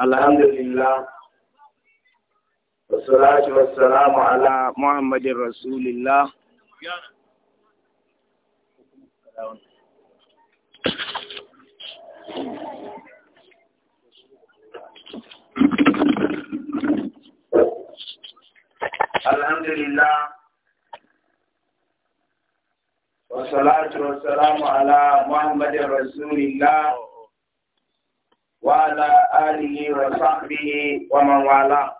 Alhamdulillah, wassalamu ala Muhammadin Rasulillah. Alhamdulillah. Wassalatu wassalamu ala Muhammadin Rasulillah. Wa al'adari ne wasu abin yi wala?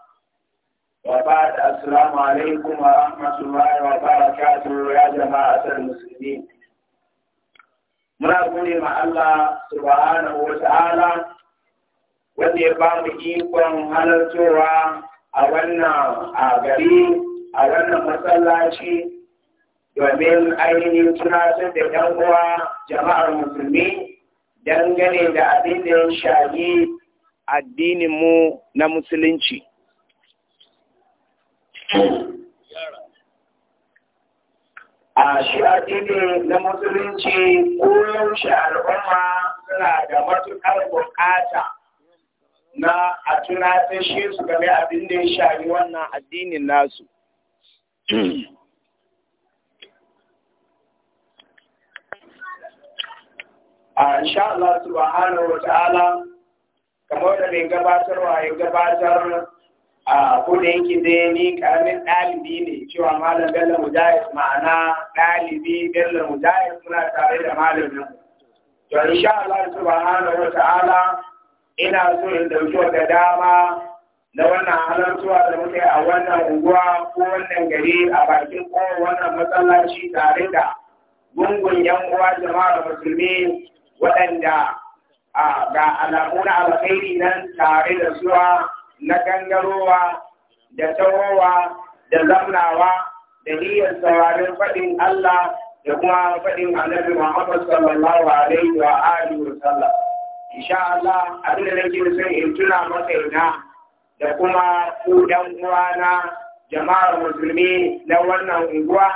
Baba da asalama alaikum wa rahmatun waya, wakarar ya jama'a a san Muna buɗe ma Allah su faruwa na Uwo Sa'ala wanda ya bamu halartowa a wannan a gari, a wannan masallaci, domin ainihin suna sun daina uwa jama'ar Musulmi. dangane da abin da ya shafi addininmu na musulunci. A shi addini na musulunci koyaushe al'umma suna da matuƙar buƙata na a tunatar shi su game abin da ya shafi wannan addinin nasu. a insha Allah subhanahu wa ta'ala kamar da mai gabatarwa ya gabatar a kudin yake ni karamin ɗalibi ne cewa malam bello mujahid ma'ana ɗalibi bello mujahid muna tare da malamin to insha Allah subhanahu wa ta'ala ina so in dauki wata dama na wannan halartuwa da muke a wannan unguwa ko wannan gari a bakin kowa wannan matsalaci tare da gungun yan uwa jama'ar musulmi waɗanda ga alamu na alkhairi nan tare da zuwa na gangarowa da tawowa da zamnawa da niyyar saurarin faɗin Allah da kuma faɗin annabi Muhammad sallallahu alaihi wa alihi wa sallam insha Allah abin da nake son in tuna maka da kuma ku dan uwana jama'ar musulmi na wannan unguwa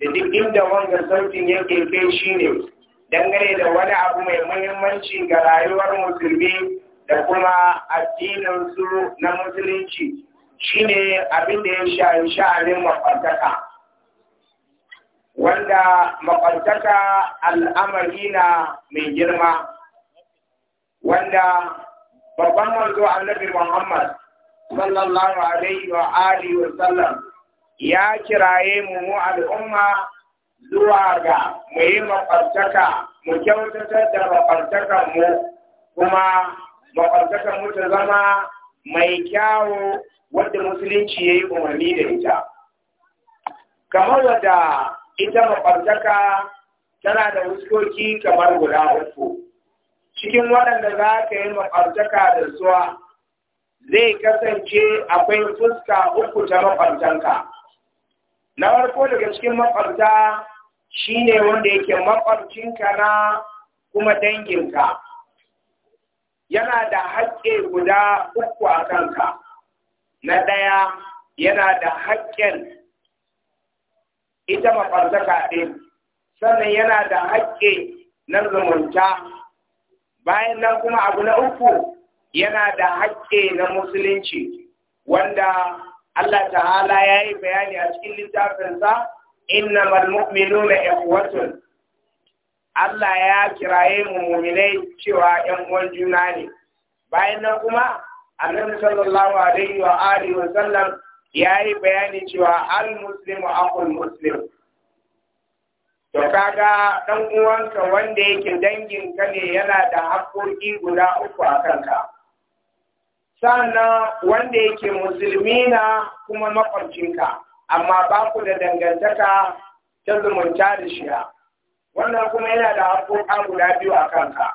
da duk inda wanga sautin yake kai shine dangane da wani abu mai muhimmanci ga rayuwar musulmi da kuma addinin su na musulunci shi ne abin da ya shafi sha'anin makwantaka wanda makwantaka al'amari na mai girma wanda babban manzo annabi Muhammad sallallahu alaihi wa alihi wa sallam ya kiraye mu mu al'umma zuwa ga mu yi mu kyautatar da makwabtakan mu kuma makwabtakan mu ta zama mai kyawo wadda musulunci ya yi umarni da ita kamar wadda ita mafarkaka tana da wuskoki kamar guda uku cikin waɗanda za ka yi maɓartaka da zuwa zai kasance akwai fuska uku ta makwabtanka na farko daga cikin makwabta shi ne wanda yake makwabcinka na kuma danginka yana da haƙƙe guda uku a kanka na ɗaya yana da haƙƙin ita makwabtaka ɗin sannan yana da haƙƙe na zumunta bayan nan kuma abu na uku yana da haƙƙe na musulunci wanda Allah ta'ala ya yi bayani a cikin littafinsa Inna innamal mu'minuna ikhwatun Allah ya kiraye mu mu'minai cewa 'yan uwan juna ne bayan nan kuma annabi sallallahu alaihi wa alihi wa sallam ya yi bayani cewa al muslimu akul muslim to kaga dan uwanka wanda yake dangin ka ne yana da harkoki guda uku a kanka sannan wanda yake musulmi na kuma makwabcinka amma ba ku da dangantaka ta zumunta da shiya wannan kuma yana da haƙoƙa guda biyu a kanka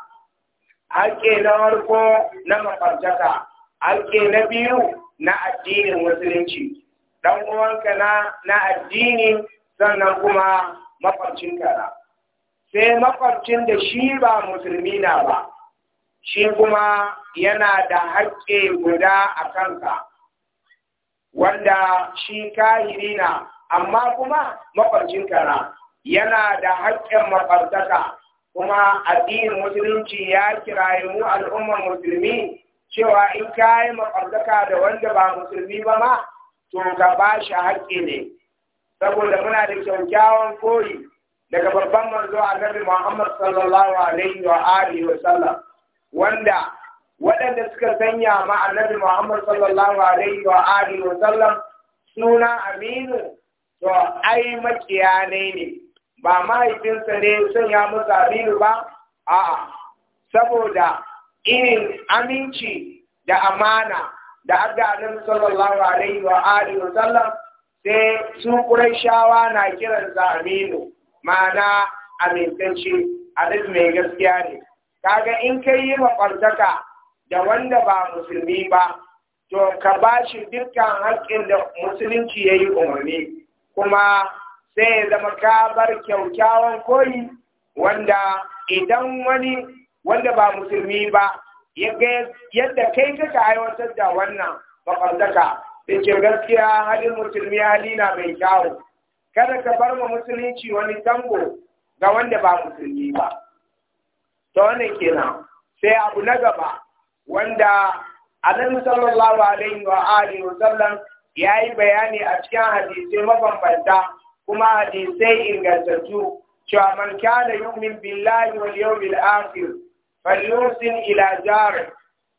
haƙƙi na farko na mafarjaka, haƙƙi na biyu na addinin musulunci dan uwanka na na addini sannan kuma mafarcin na sai mafarcin da shi ba musulmi na ba shi kuma yana da haƙƙi guda a kanka wanda shi kahiri na amma kuma makwabcin na yana da haƙƙin makwabtaka kuma addinin musulunci ya kiraye mu al'ummar musulmi cewa in ka yi makwabtaka da wanda ba musulmi ba ma to ka ba shi haƙƙi ne saboda muna da kyaukyawan koyi daga babban manzo annabi Muhammad sallallahu alaihi wa alihi wanda waɗanda suka sanya ma annabi Muhammad sallallahu alaihi wa alihi wa sallam suna Aminu to ai makiya ne ne ba mahaifinsa ne sun ya musu Aminu ba a'a saboda irin aminci da amana da abda annabi sallallahu alaihi wa alihi wa sallam sai su Qurayshawa na kiransa Aminu ma'ana amintacci a mai gaskiya ne kaga in kai yi maƙwabtaka da wanda ba musulmi ba to ka ba shi dukkan haƙƙin da musulunci ya yi umarni kuma sai ya zama ka bar kyaukyawan koyi wanda idan wani wanda ba musulmi ba yadda kai kaka aiwatar da wannan makwabtaka da ke gaskiya halin musulmi hali na mai kyawu kada ka bar ma musulunci wani tango ga wanda ba musulmi ba ta wannan kenan sai abu na gaba wanda annabi sallallahu alaihi wa alihi wa yayi bayani a cikin hadisai mabambanta kuma hadisai ingantattu cewa man kana yu'min billahi wal yawmil akhir falyusin ila jari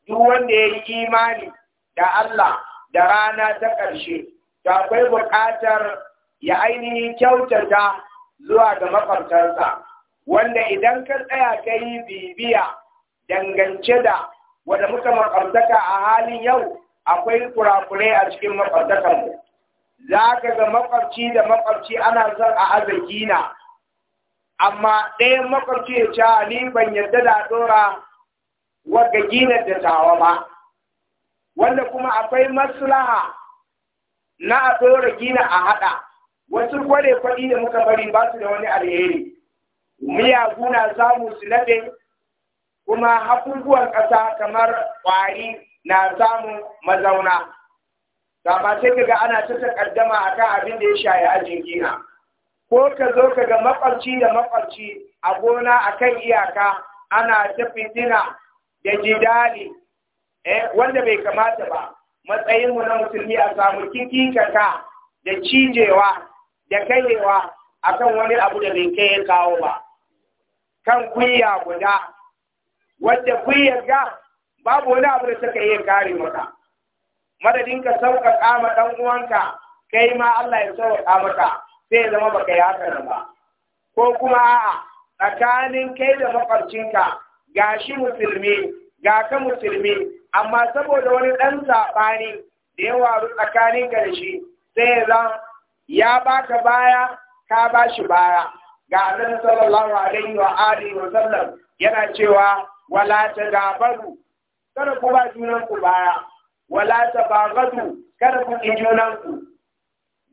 duk wanda yayi imani da Allah da rana ta ƙarshe to akwai buƙatar ya ainihin kyautata zuwa ga makwabtansa wanda idan ka tsaya ka yi bibiya dangance da wanda muka makamtaka a halin yau akwai kurakurai a cikin makwabtakan mu za ka ga makwabci da makwabci ana son a na amma ɗayan makwabci ya ce ni ban yarda da dora wadda ginar da tawa ba wanda kuma akwai maslaha na a dora gina a haɗa wasu kware kwaɗi da muka bari ba su da wani alheri miyagu na samu su kuma abubuwan ƙasa kamar ƙwari na samun mazauna. Da ba sai kaga ana ta takaddama akan abin da ya shaye ajin gina. Ko ka zo ka ga makwabci da makwabci a gona akan iyaka ana ta fitina da jidali eh, wanda bai kamata ba. Matsayinmu na musulmi a samu kikikaka da cijewa da kaiwa akan wani abu da bai kai ya kawo ba. Kan kunya guda wadda kun yarda babu wani abu da suka iya kare maka madadin ka sauƙaƙa kama ɗan uwanka kai ma Allah ya sauka maka sai ya zama baka yi haka ba ko kuma a'a tsakanin kai da makwabcinka ga shi musulmi ga ka musulmi amma saboda wani ɗan saɓani da ya waru tsakanin ka da shi sai ya zama ya baka baya ka bashi baya ga annabi sallallahu alaihi wa alihi wa sallam yana cewa wala ta gabaru kada ku ba junan ku baya wala ta bagadu kada ku ki junan ku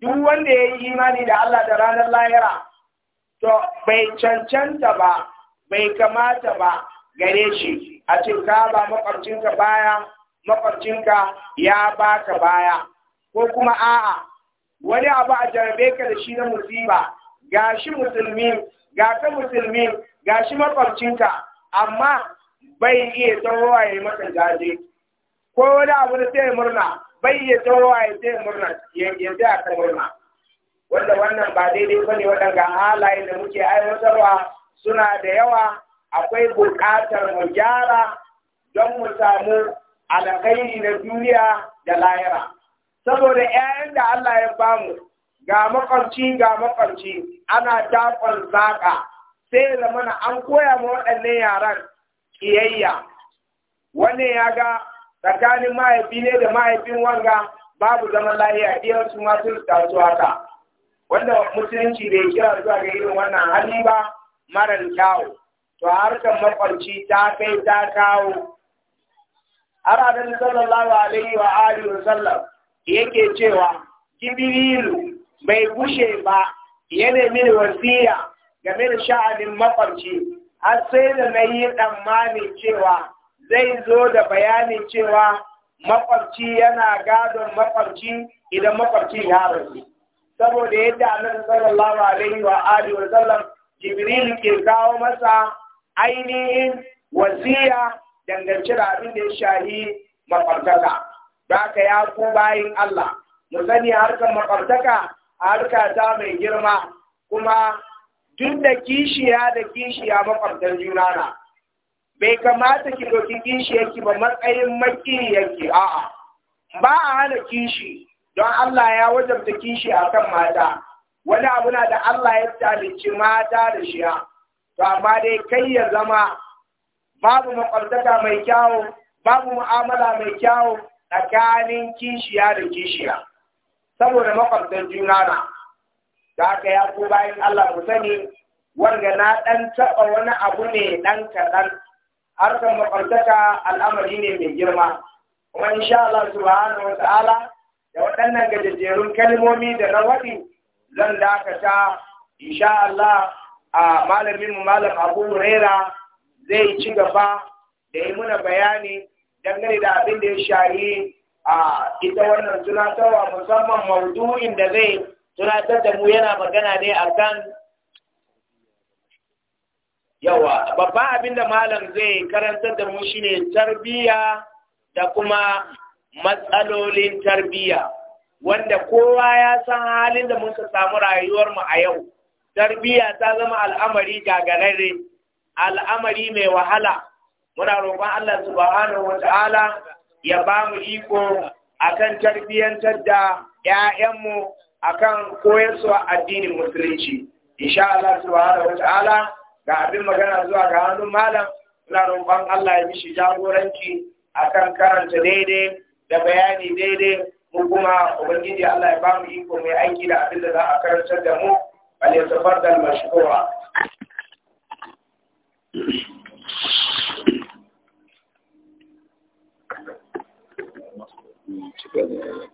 duk wanda ya yi imani da Allah da ranar lahira to bai cancanta ba bai kamata ba gare shi a cikin ka ba baya makwabcinka ya baka baya ko kuma a'a wani abu a jarabe ka da shi na musiba ga musulmi ga musulmi ga shi makwabcinka amma bai iya tsawowa ya mata gaje. ko wani abu da sai murna bai iya tsawowa ya sai murna ya zai a murna wanda wannan ba daidai ba ne waɗanda halaye da muke aiwatarwa suna da yawa akwai buƙatar mu gyara don mu samu alkhairi na duniya da lahira saboda 'ya'yan da Allah ya bamu ga makwabci ga makwabci ana dakon zaƙa, sai zamana an koya ma waɗannan yaran kiyayya wannan ya ga tsakanin mahaifi ne da mahaifin wanga babu zaman lahiya iya su ma sun tasu haka wanda musulunci bai kira zuwa ga irin wannan hali ba marar kyawu to harkar makwarci ta kai ta kawo har annabi sallallahu alaihi wa alihi wa sallam yake cewa jibrilu bai gushe ba ya mini wasiya game da sha'anin makwarci har sai da na yi tsammanin cewa zai zo da bayanin cewa makwabci yana gadon makwabci idan makwabci ya rasu saboda yadda annabi sallallahu alaihi wa alihi wa sallam jibril ke kawo masa ainihin wasiya dangance da abin da ya shahi makwabtaka ba ka ya ku bayin Allah mu sani harkar makwabtaka harka ta mai girma kuma tun da kishiya da kishiya makwabtan juna na bai kamata ki ɗauki kishiyarki ba matsayin makiyarki a'a ba a hana kishi don Allah ya wajabta kishi a kan mata wani abu na da Allah ya talici mata da shiya to amma dai kai ya zama babu makwabtaka mai kyawu babu mu'amala mai kyawu tsakanin kishiya da kishiya saboda makwabtan juna na da aka ya ku bayan Allah ku sani wanda na ɗan taɓa wani abu ne ɗan kaɗan harkar makwabtaka al'amari ne mai girma kuma sha Allah subhanahu wa ta'ala da waɗannan gajejjerun kalmomi da na zan dakata sha Allah a malamin mu malam Abu Huraira zai ci gaba da yi muna bayani dangane da abin da ya shayi a ita wannan tunatarwa musamman maudu'in da zai tunatar da mu yana magana ne akan yawa babban abin da malam zai karantar da mu shine tarbiyya da kuma matsalolin tarbiyya wanda kowa ya san halin da muka samu rayuwarmu a yau tarbiyya ta zama al'amari gagararre al'amari mai wahala muna roƙon Allah subhanahu wata'ala ya ba mu iko akan tarbiyyantar da 'ya'yanmu akan koyarwa addinin musulunci insha Allah subhanahu wataala ga abin magana zuwa ga hannun malam ina roƙon Allah ya mishi jagoranci akan karanta daidai da bayani daidai mu kuma ubangiji Allah ya bamu iko mai aiki da abin da za a karantar da mu safar da mashkura you.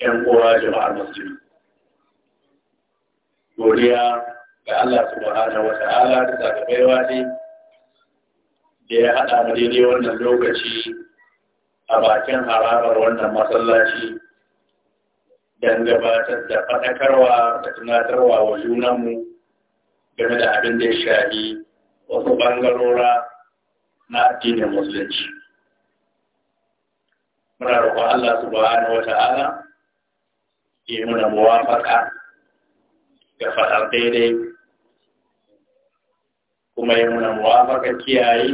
‘yan kowa jama'ar musulmi. Godiya ga Allah subhanahu wa ta'ala da zagabaiwa ne da ya haɗa mu daidai wannan lokaci a bakin harabar wannan masallaci don gabatar da faɗakarwa da tunatarwa wa junanmu game da abin da ya shafi wasu ɓangarora na addinin musulunci. Muna roƙon Allah subhanahu wa ta'ala yi muna muwafaka ga faɗar daidai kuma yi muna muwafaka kiyaye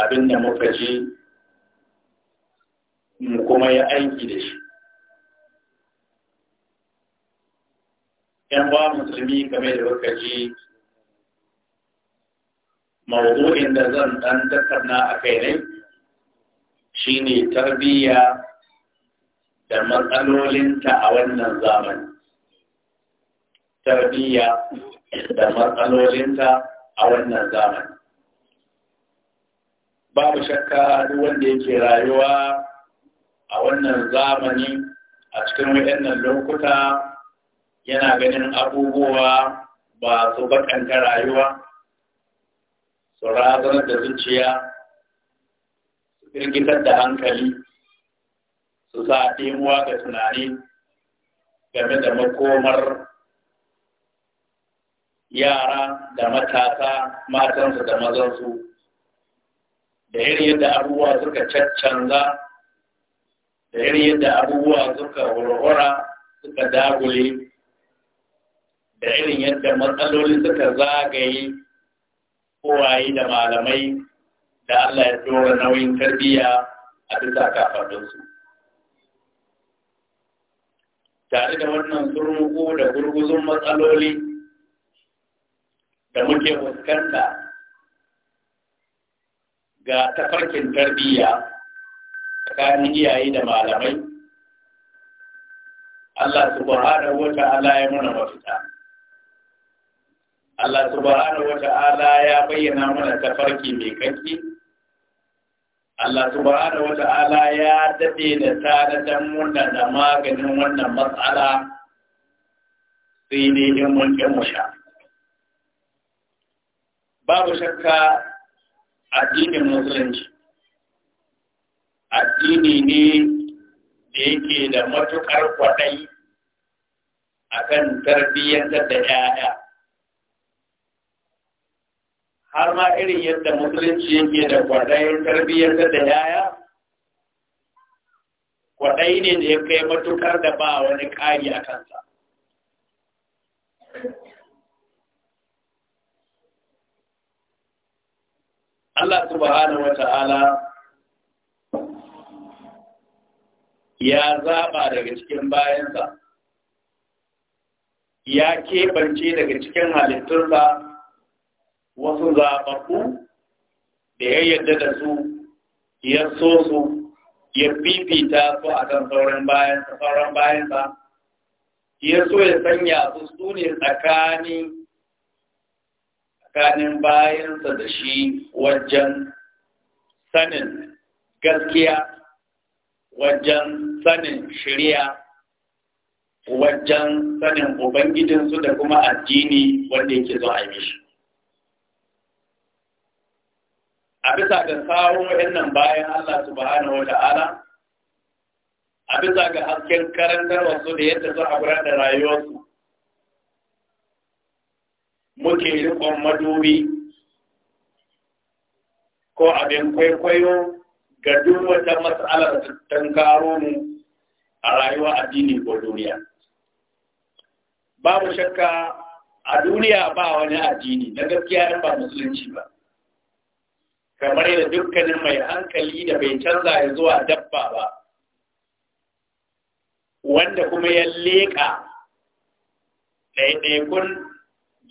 abinda muka ji mu kuma yi aiki da shi ‘yan ba musulmi game da kuka ji mawuzo'in da zan ɗan na a kai ne shi ne tarbiyya da matsalolinta a wannan zamani tarbiyya da matsalolinta a wannan zamani babu shakka duk wanda yake rayuwa a wannan zamani a cikin waɗannan lokuta yana ganin abubuwa ba su bakanta rayuwa su razanar da zuciya su firgitar da hankali su sa ɗimuwa ga tunani game da makomar yara da matasa matansu da mazansu da irin yadda abubuwa suka caccanza da irin yadda abubuwa suka wurwura suka dagule da irin yadda matsaloli suka zagaye kowaye da malamai da Allah ya dora nauyin tarbiyya a bisa su. tare da wannan turmugu da gurguzun matsaloli da muke fuskanta ga tafarkin tarbiyya tsakanin iyaye da malamai Allah subhanahu wa ta'ala ya mana mafita Allah subhanahu wa ta'ala ya bayyana mana tafarki mai kanki Allah subhanahu wata'ala ya daɗe da tsadatan wannan da maganin wannan matsala sai ne in mun mu sha. Babu shakka addinin musulunci. Addini ne da yake da matuƙar kwaɗai a kan tarbiyyantar da ‘ya'ya. har ma irin yadda musulunci yake da kwaɗayin tarbiyyar da yaya kwaɗayi ne da ya kai matukar da ba wani ƙari a kansa Allah subhanahu wa ta'ala ya zaɓa daga cikin bayansa, ya keɓance daga cikin halittunsa wasu zaɓaɓɓu da ya yadda da su ya so su ya fifita su a kan sauran bayansa sauran bayansa ya so ya sanya su su ne tsakanin tsakanin bayansa da shi wajen sanin gaskiya wajen sanin shirya wajen sanin ubangijinsu da kuma addini wanda yake zo a yi mishi a bisa ga kawo wa'annan bayan Allah subhanahu ala, a bisa ga hasken karantar wasu da yadda su haɓura da rayuwarsu muke rikon madubi ko abin kwaikwayo ga duk wata matsalar ta karo mu a rayuwa addini ko duniya babu shakka a duniya ba wani addini na gaskiya ba musulunci ba kamar yadda dukkanin mai hankali da bai canza ya zuwa dabba ba wanda kuma ya leƙa ɗaiɗaikun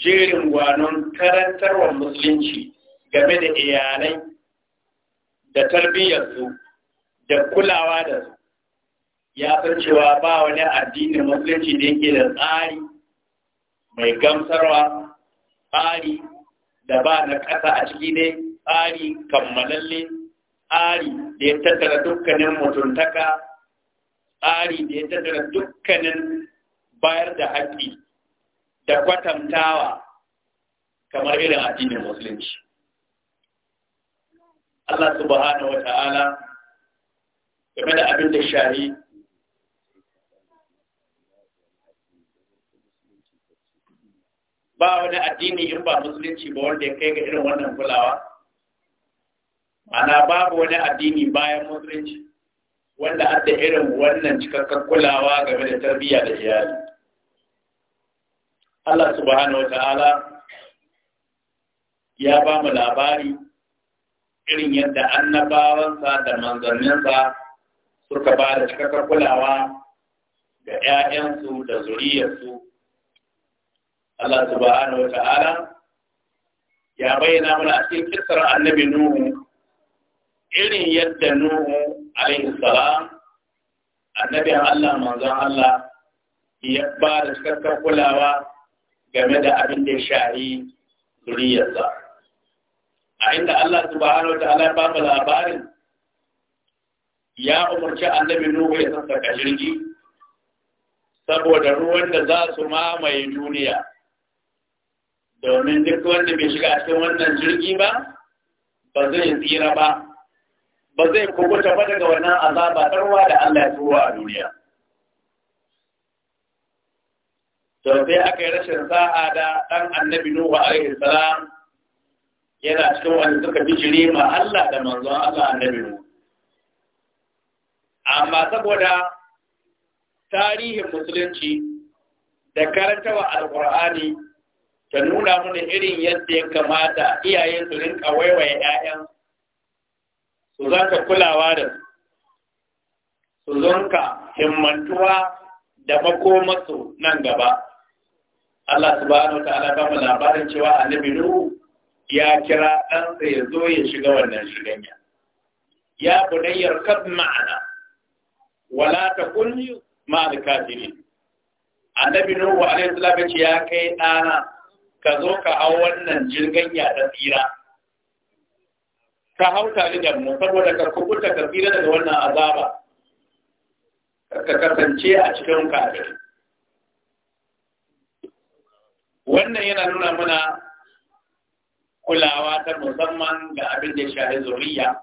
jerin gwanon karantarwa musulunci game da iyalai da tarbiyyarsu da kulawa da su ya san cewa ba wani addinin musulunci da yake da tsari mai gamsarwa tsari da ba na ƙasa a ciki ne tsari kammalalle tsari da ya tattara dukkanin mutuntaka tsari da ya tattara dukkanin bayar da haƙƙi da kwatantawa kamar irin addinin musulunci Allah subhanahu wa ta'ala game da abin da shari ba wani addini in ba musulunci ba wanda ya kai ga irin wannan kulawa Mana babu wani addini bayan musulunci wanda har da irin wannan cikakken kulawa game da tarbiyya da iyali. Allah subhanahu wa ta'ala ya ba mu labari irin yadda annabawansa da manzanninsa suka ba da cikakken kulawa ga ‘ya'yansu da zuriyarsu. Allah subhanahu wa ta'ala ya bayyana mana a cikin kisar annabi Nuhu irin yadda Nuhu alaihi salam annabi Allah manzon Allah ya ba da kulawa game da abin da ya shahi zuriyarsa a inda Allah subhanahu ta ya ba labarin ya umarci annabi Nuhu ya sassaka jirgi saboda ruwan da za su mamaye duniya domin duk wanda bai shiga cikin wannan jirgi ba ba zai tsira ba ba zai kubuta ba daga wannan azaba tarwa da Allah ya tuwa a duniya to sai aka yi rashin sa'a da ɗan annabi Nuhu alaihi salam yana cikin wani suka fi jiri ma Allah da manzon Allah annabi Nuhu amma saboda tarihin musulunci da karantawa alkur'ani ta nuna mana irin yadda ya kamata iyaye su rinka waiwaye 'ya'yansu su ka kulawa da su su zonka himmantuwa da makomasu nan gaba Allah subhanahu wa ta'ala ba mu labarin cewa annabi Nuhu ya kira ɗansa ya zo ya shiga wannan shiganya ya bunayyar kad ma'ana wala ta kulli ma'al kafirin annabi Nuhu alaihi salam ya ce ya kai ɗana ka zo ka hau wannan jirganya ta tsira ka hauta ni da mu saboda ka kubuta ka fira daga wannan azaba ka kasance a cikin kafin. wannan yana nuna mana kulawa ta musamman ga abin da shahi zuriya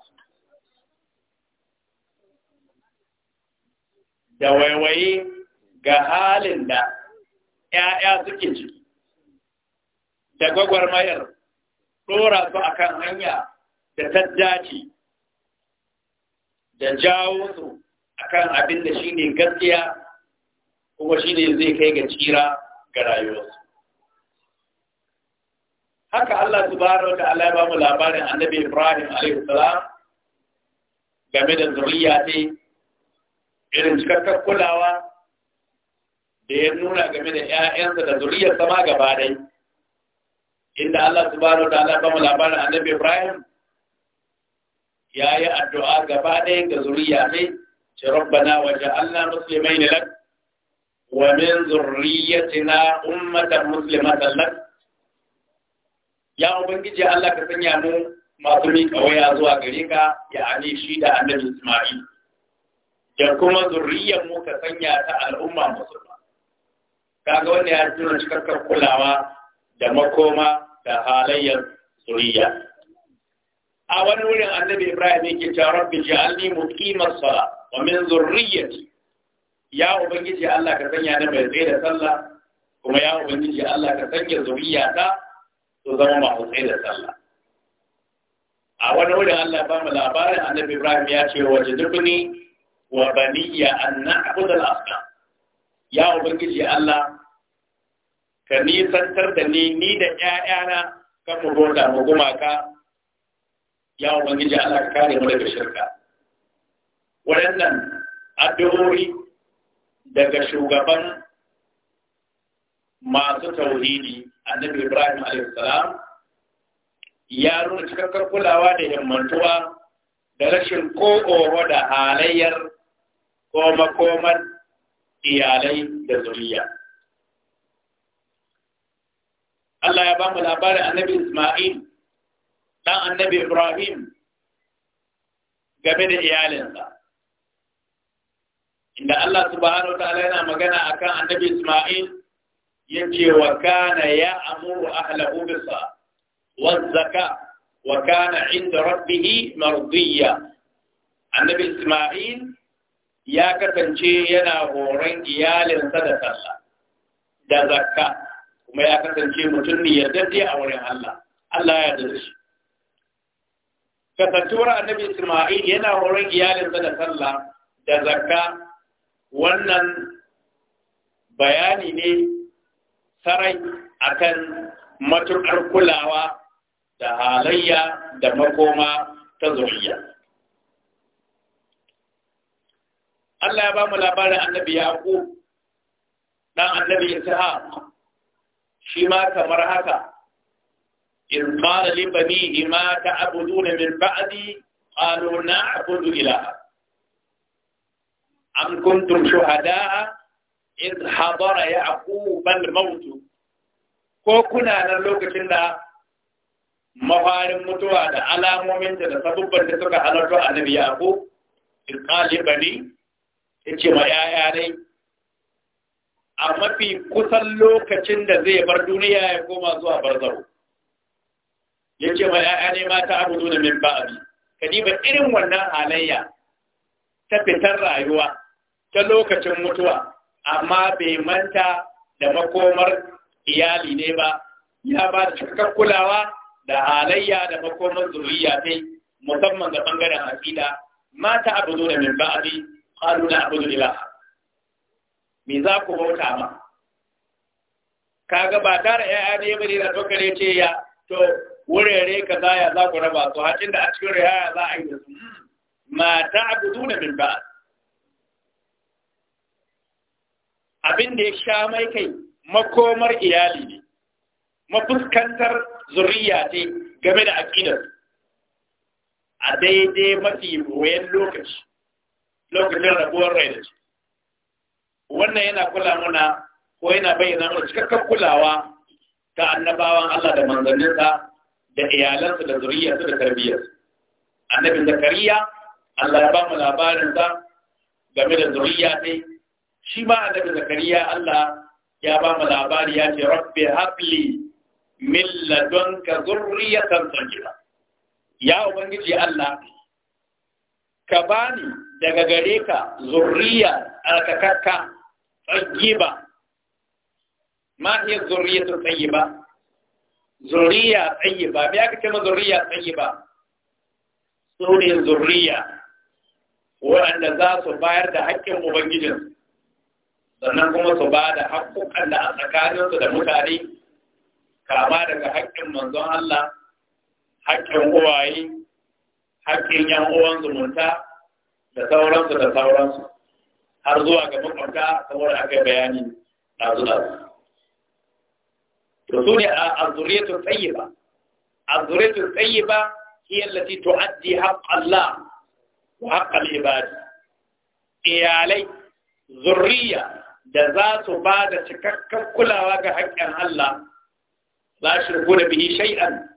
da waiwaye ga halin da ‘ya'ya suke ciki da gwagwarmayar ɗora su kan hanya da ta dace da jawo su kan abin da shi ne gaskiya kuma shi ne zai kai ga tsira ga rayuwarsu haka Allah da Allah ya mu labarin Annabi Ibrahim alaihi salam game da zuriya ne irin cikakkar kulawa da ya nuna game da ‘ya'yansa da zuriyar sama gaba dai, inda Allah subhanahu wa ta'ala ba mu labarin annabi Ibrahim ya yi addu'a gaba ɗaya ga zuriya ne ci rabbana waje Allah musulmai ne lak wa min zurriyatina ummatan muslimatan lak ya ubangiji Allah ka sanya mu masu miƙa waya zuwa gare ka ya ani shi da annabi Isma'il da kuma zurriyar mu ka sanya ta al'umma musulma kaga wanda ya tuna cikakkar kulawa da makoma da halayyar zuriya a wani wurin annabi ibrahim yake cewa rabbi ja'alni muqimas sala wa min zurriyyati ya ubangiji Allah ka sanya na mai tsaye da sallah kuma ya ubangiji Allah ka sanya zuriya ta su zama masu tsaye da sallah a wani wurin Allah ba mu labarin annabi ibrahim ya ce wa jidduni wa baniya an na'budu al-asnam ya ubangiji Allah ka nisantar da ni ni da ƴaƴana kan mu goda mu gumaka ya ubangiji Allah kare mu daga shirka waɗannan addu'o'i daga shugaban masu tauhidi annabi Ibrahim alaihissalam ya nuna cikakkar kulawa da himmantuwa da rashin koowa da halayyar koma iyalai da zuriya. Allah ya ba mu labarin annabi Ismail ɗan annabi Ibrahim game da iyalinsa. Inda Allah subhanahu wa ta'ala yana magana akan annabi Ismail yake wa kana ya amuru ahlahu bisa wazzaka wa kana inda rabbihi mardiya. Annabi Ismail ya kasance yana horon iyalinsa da sallah da zakka kuma ya kasance mutum ne dade a wurin Allah. Allah ya dace. kasantuwar annabi Isma'il yana horon iyalinsa da sallah da zakka wannan bayani ne sarai akan matuƙar kulawa da halayya da makoma ta zuriya. Allah ya ba mu labarin annabi Yaƙub ɗan annabi Ishaq shi ma kamar haka إذ قال لبنيه ما تعبدون من بعدي قالوا نعبد إله أم كنتم شهداء إذ حضر يعقوب الموت ko kuna nan lokacin da mafarin mutuwa da alamomin da sabubban da suka halarta annabi yaqub in qalibani yace ma yaya ne a mafi kusan lokacin da zai bar duniya ya koma zuwa barzahu ya ce ma ‘ya'ya ne mata abu nuna min abi, ka diba irin wannan halayya ta fitar rayuwa ta lokacin mutuwa amma bai manta da makomar iyali ne ba ya ba da cikakken kulawa da halayya da makomar zuriya ne, musamman ga bangaren aqida mata abu nuna min ba'abi qalu la abu ila. me za ku bauta ma kaga ba tare ‘ya'ya ne bane da dokare ce ya to wurare ka ya za ku raba su hacin da a cikin rihaya za a yi da su mata abudu na min ba abin da ya sha mai kai makomar iyali ne mafuskantar zuriya ce game da aƙidar a daidai mafi wayan lokaci lokacin rabuwar rai da wannan yana kula muna ko yana bayyana mana cikakken kulawa ta annabawan Allah da manzanninsa da iyalansu da zuriyarsu da tarbiyyarsu annabi zakariya Allah ya ba mu labarin sa game da zuriya sai shi ma annabi zakariya Allah ya ba mu labari ya ce rabbi habli min ladunka zurriyatan tayyiba ya ubangiji Allah ka bani daga gare ka zurriya alkakakka tayyiba ma hiya zurriyatun tayyiba zuriya ba me aka ce ma zuriya tayyiba sune zuriya waɗanda za su bayar da haƙƙin ubangijin sannan kuma su ba da haƙƙoƙan da a tsakaninsu da mutane kama daga haƙƙin manzon Allah haƙƙin uwaye haƙƙin yan uwan zumunta da sauransu da sauransu har zuwa ga makwabta saboda aka yi bayani ɗazu-ɗazu to su ne a zuriyatun tsayiba a zuriyatun tsayiba hiya allati tu'addi haqq Allah wa haqq al-ibad iyalai zurriya da za su ba da cikakken kulawa ga haƙƙin Allah la shirku da bihi shay'an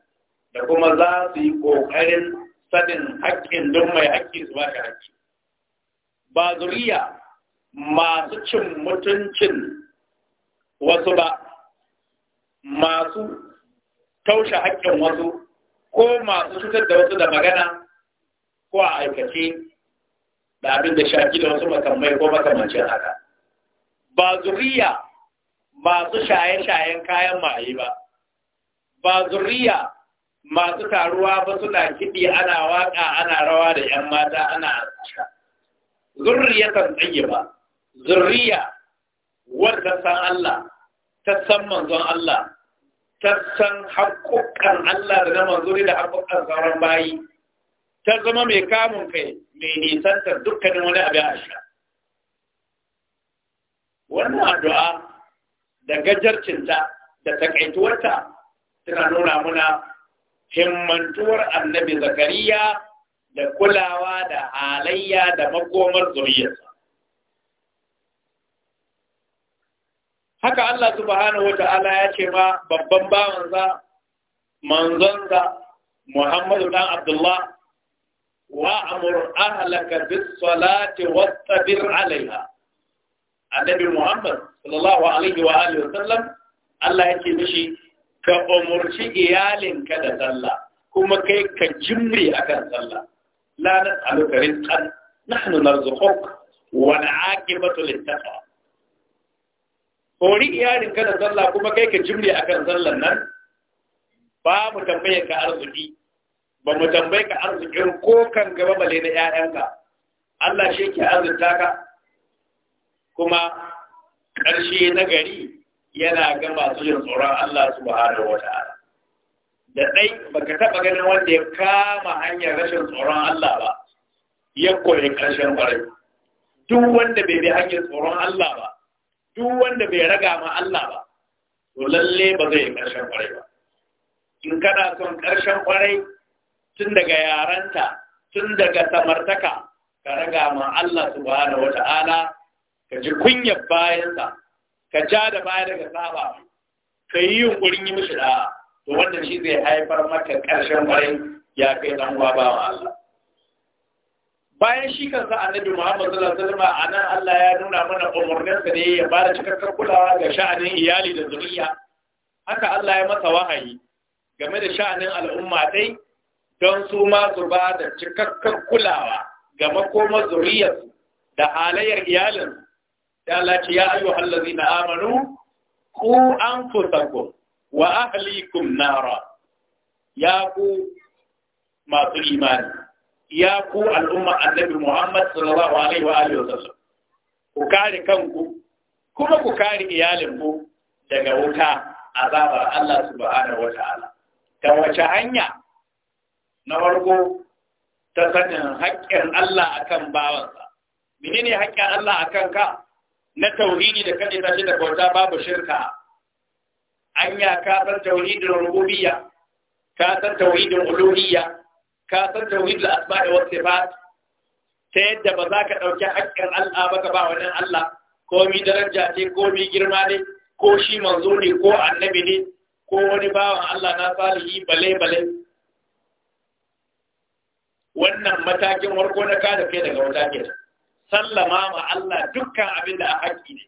da kuma za su yi ƙoƙarin sanin haƙƙin don mai haƙƙi su ba shi haƙƙi ba zuriya masu cin mutuncin wasu ba masu taushe hakkin wasu ko masu cutar da wasu da magana ko a aikace da abin da shaƙi da wasu makamai ko makamancin haka ba zuriya masu shaye-shayen kayan maye ba ba zuriya masu taruwa ba suna kiɗi ana waƙa ana rawa da 'yan mata ana arzika kan tsaye ba zurriya wadda san Allah ta san manzon Allah ta san haƙoƙan Allah da na manzuri da haƙoƙan sauran bayi ta zama mai kamun kai mai nisantar dukkanin wani a asha wannan addu'a da gajarcinta da takaituwarta tana nuna muna himmantuwar annabi zakariya da kulawa da halayya da makomar zuriyarsa haka Allah subhanahu wa ta'ala ya ce ma babban bawansa manzonsa Muhammadu dan Abdullah wa amur ahlaka bis salati wastabir alaiha annabi Muhammad sallallahu alaihi wa alihi wasallam Allah ya ce mishi ka umurci ka da sallah kuma kai ka jimri akan sallah la nas'aluka rizqan nahnu narzuquk wal aqibatu lit taqwa kori iyalin kada sallah kuma kai ka jimli akan sallar nan ba mu tambaye ka arziki ba mu tambaye ka arzikin ko kan gaba bale na 'ya'yanka. Allah shi ke azurta ka kuma ƙarshe na gari yana ga masu yin tsoron Allah subhanahu wa ta'ala da dai baka taɓa ganin wanda ya kama hanyar rashin tsoron Allah ba ya kore ƙarshen ƙwarai duk wanda bai bi hanyar tsoron Allah ba duk wanda bai raga ma Allah ba to lalle ba zai karshen kwarai ba in kana son ƙarshen kwarai tun daga yaranta tun daga samartaka ka raga ma Allah subhanahu wata'ala ka ji kunyar bayansa ka ja da baya daga saba ka yi yunkurin yi mishi da'a, to wanda shi zai haifar maka karshen kwarai ya kai dan uwa Allah bayan shi kansa annabi Muhammad sallallahu alaihi wasallam anan Allah ya nuna mana sa ne ya bada cikakkar kulawa ga sha'anin iyali da zuriya haka Allah ya masa wahayi game da sha'anin al'umma dai don su ma su ba da cikakkar kulawa ga makoma zuriyyarsu da halayyar iyalin da Allah ce ya ayu allazina amanu ku anfusakum wa ahlikum nara ya ku masu imani ya ku al'umma annabi Muhammad sallallahu alaihi wa alihi wasallam ku kare kanku kuma ku kare iyalinku daga wuta azabar Allah subhanahu ta'ala ta wace hanya na farko ta sanin haƙƙin Allah akan bawansa menene haƙƙin Allah akan ka na tauhidi da kadi tashi da bauta babu shirka anya ka san tauhidin rububiyya ka san tauhidin uluhiyya ka san da asma'i wa sifat ta yadda ba za ka ɗauki haƙƙin Allah ba ka ba wani Allah ko mi daraja ce ko mi girma ne ko shi manzo ne ko annabi ne ko wani bawan Allah na salihi bale bale wannan matakin warko na kada kai daga wata ke sallama ma Allah dukkan abin da a haƙƙi ne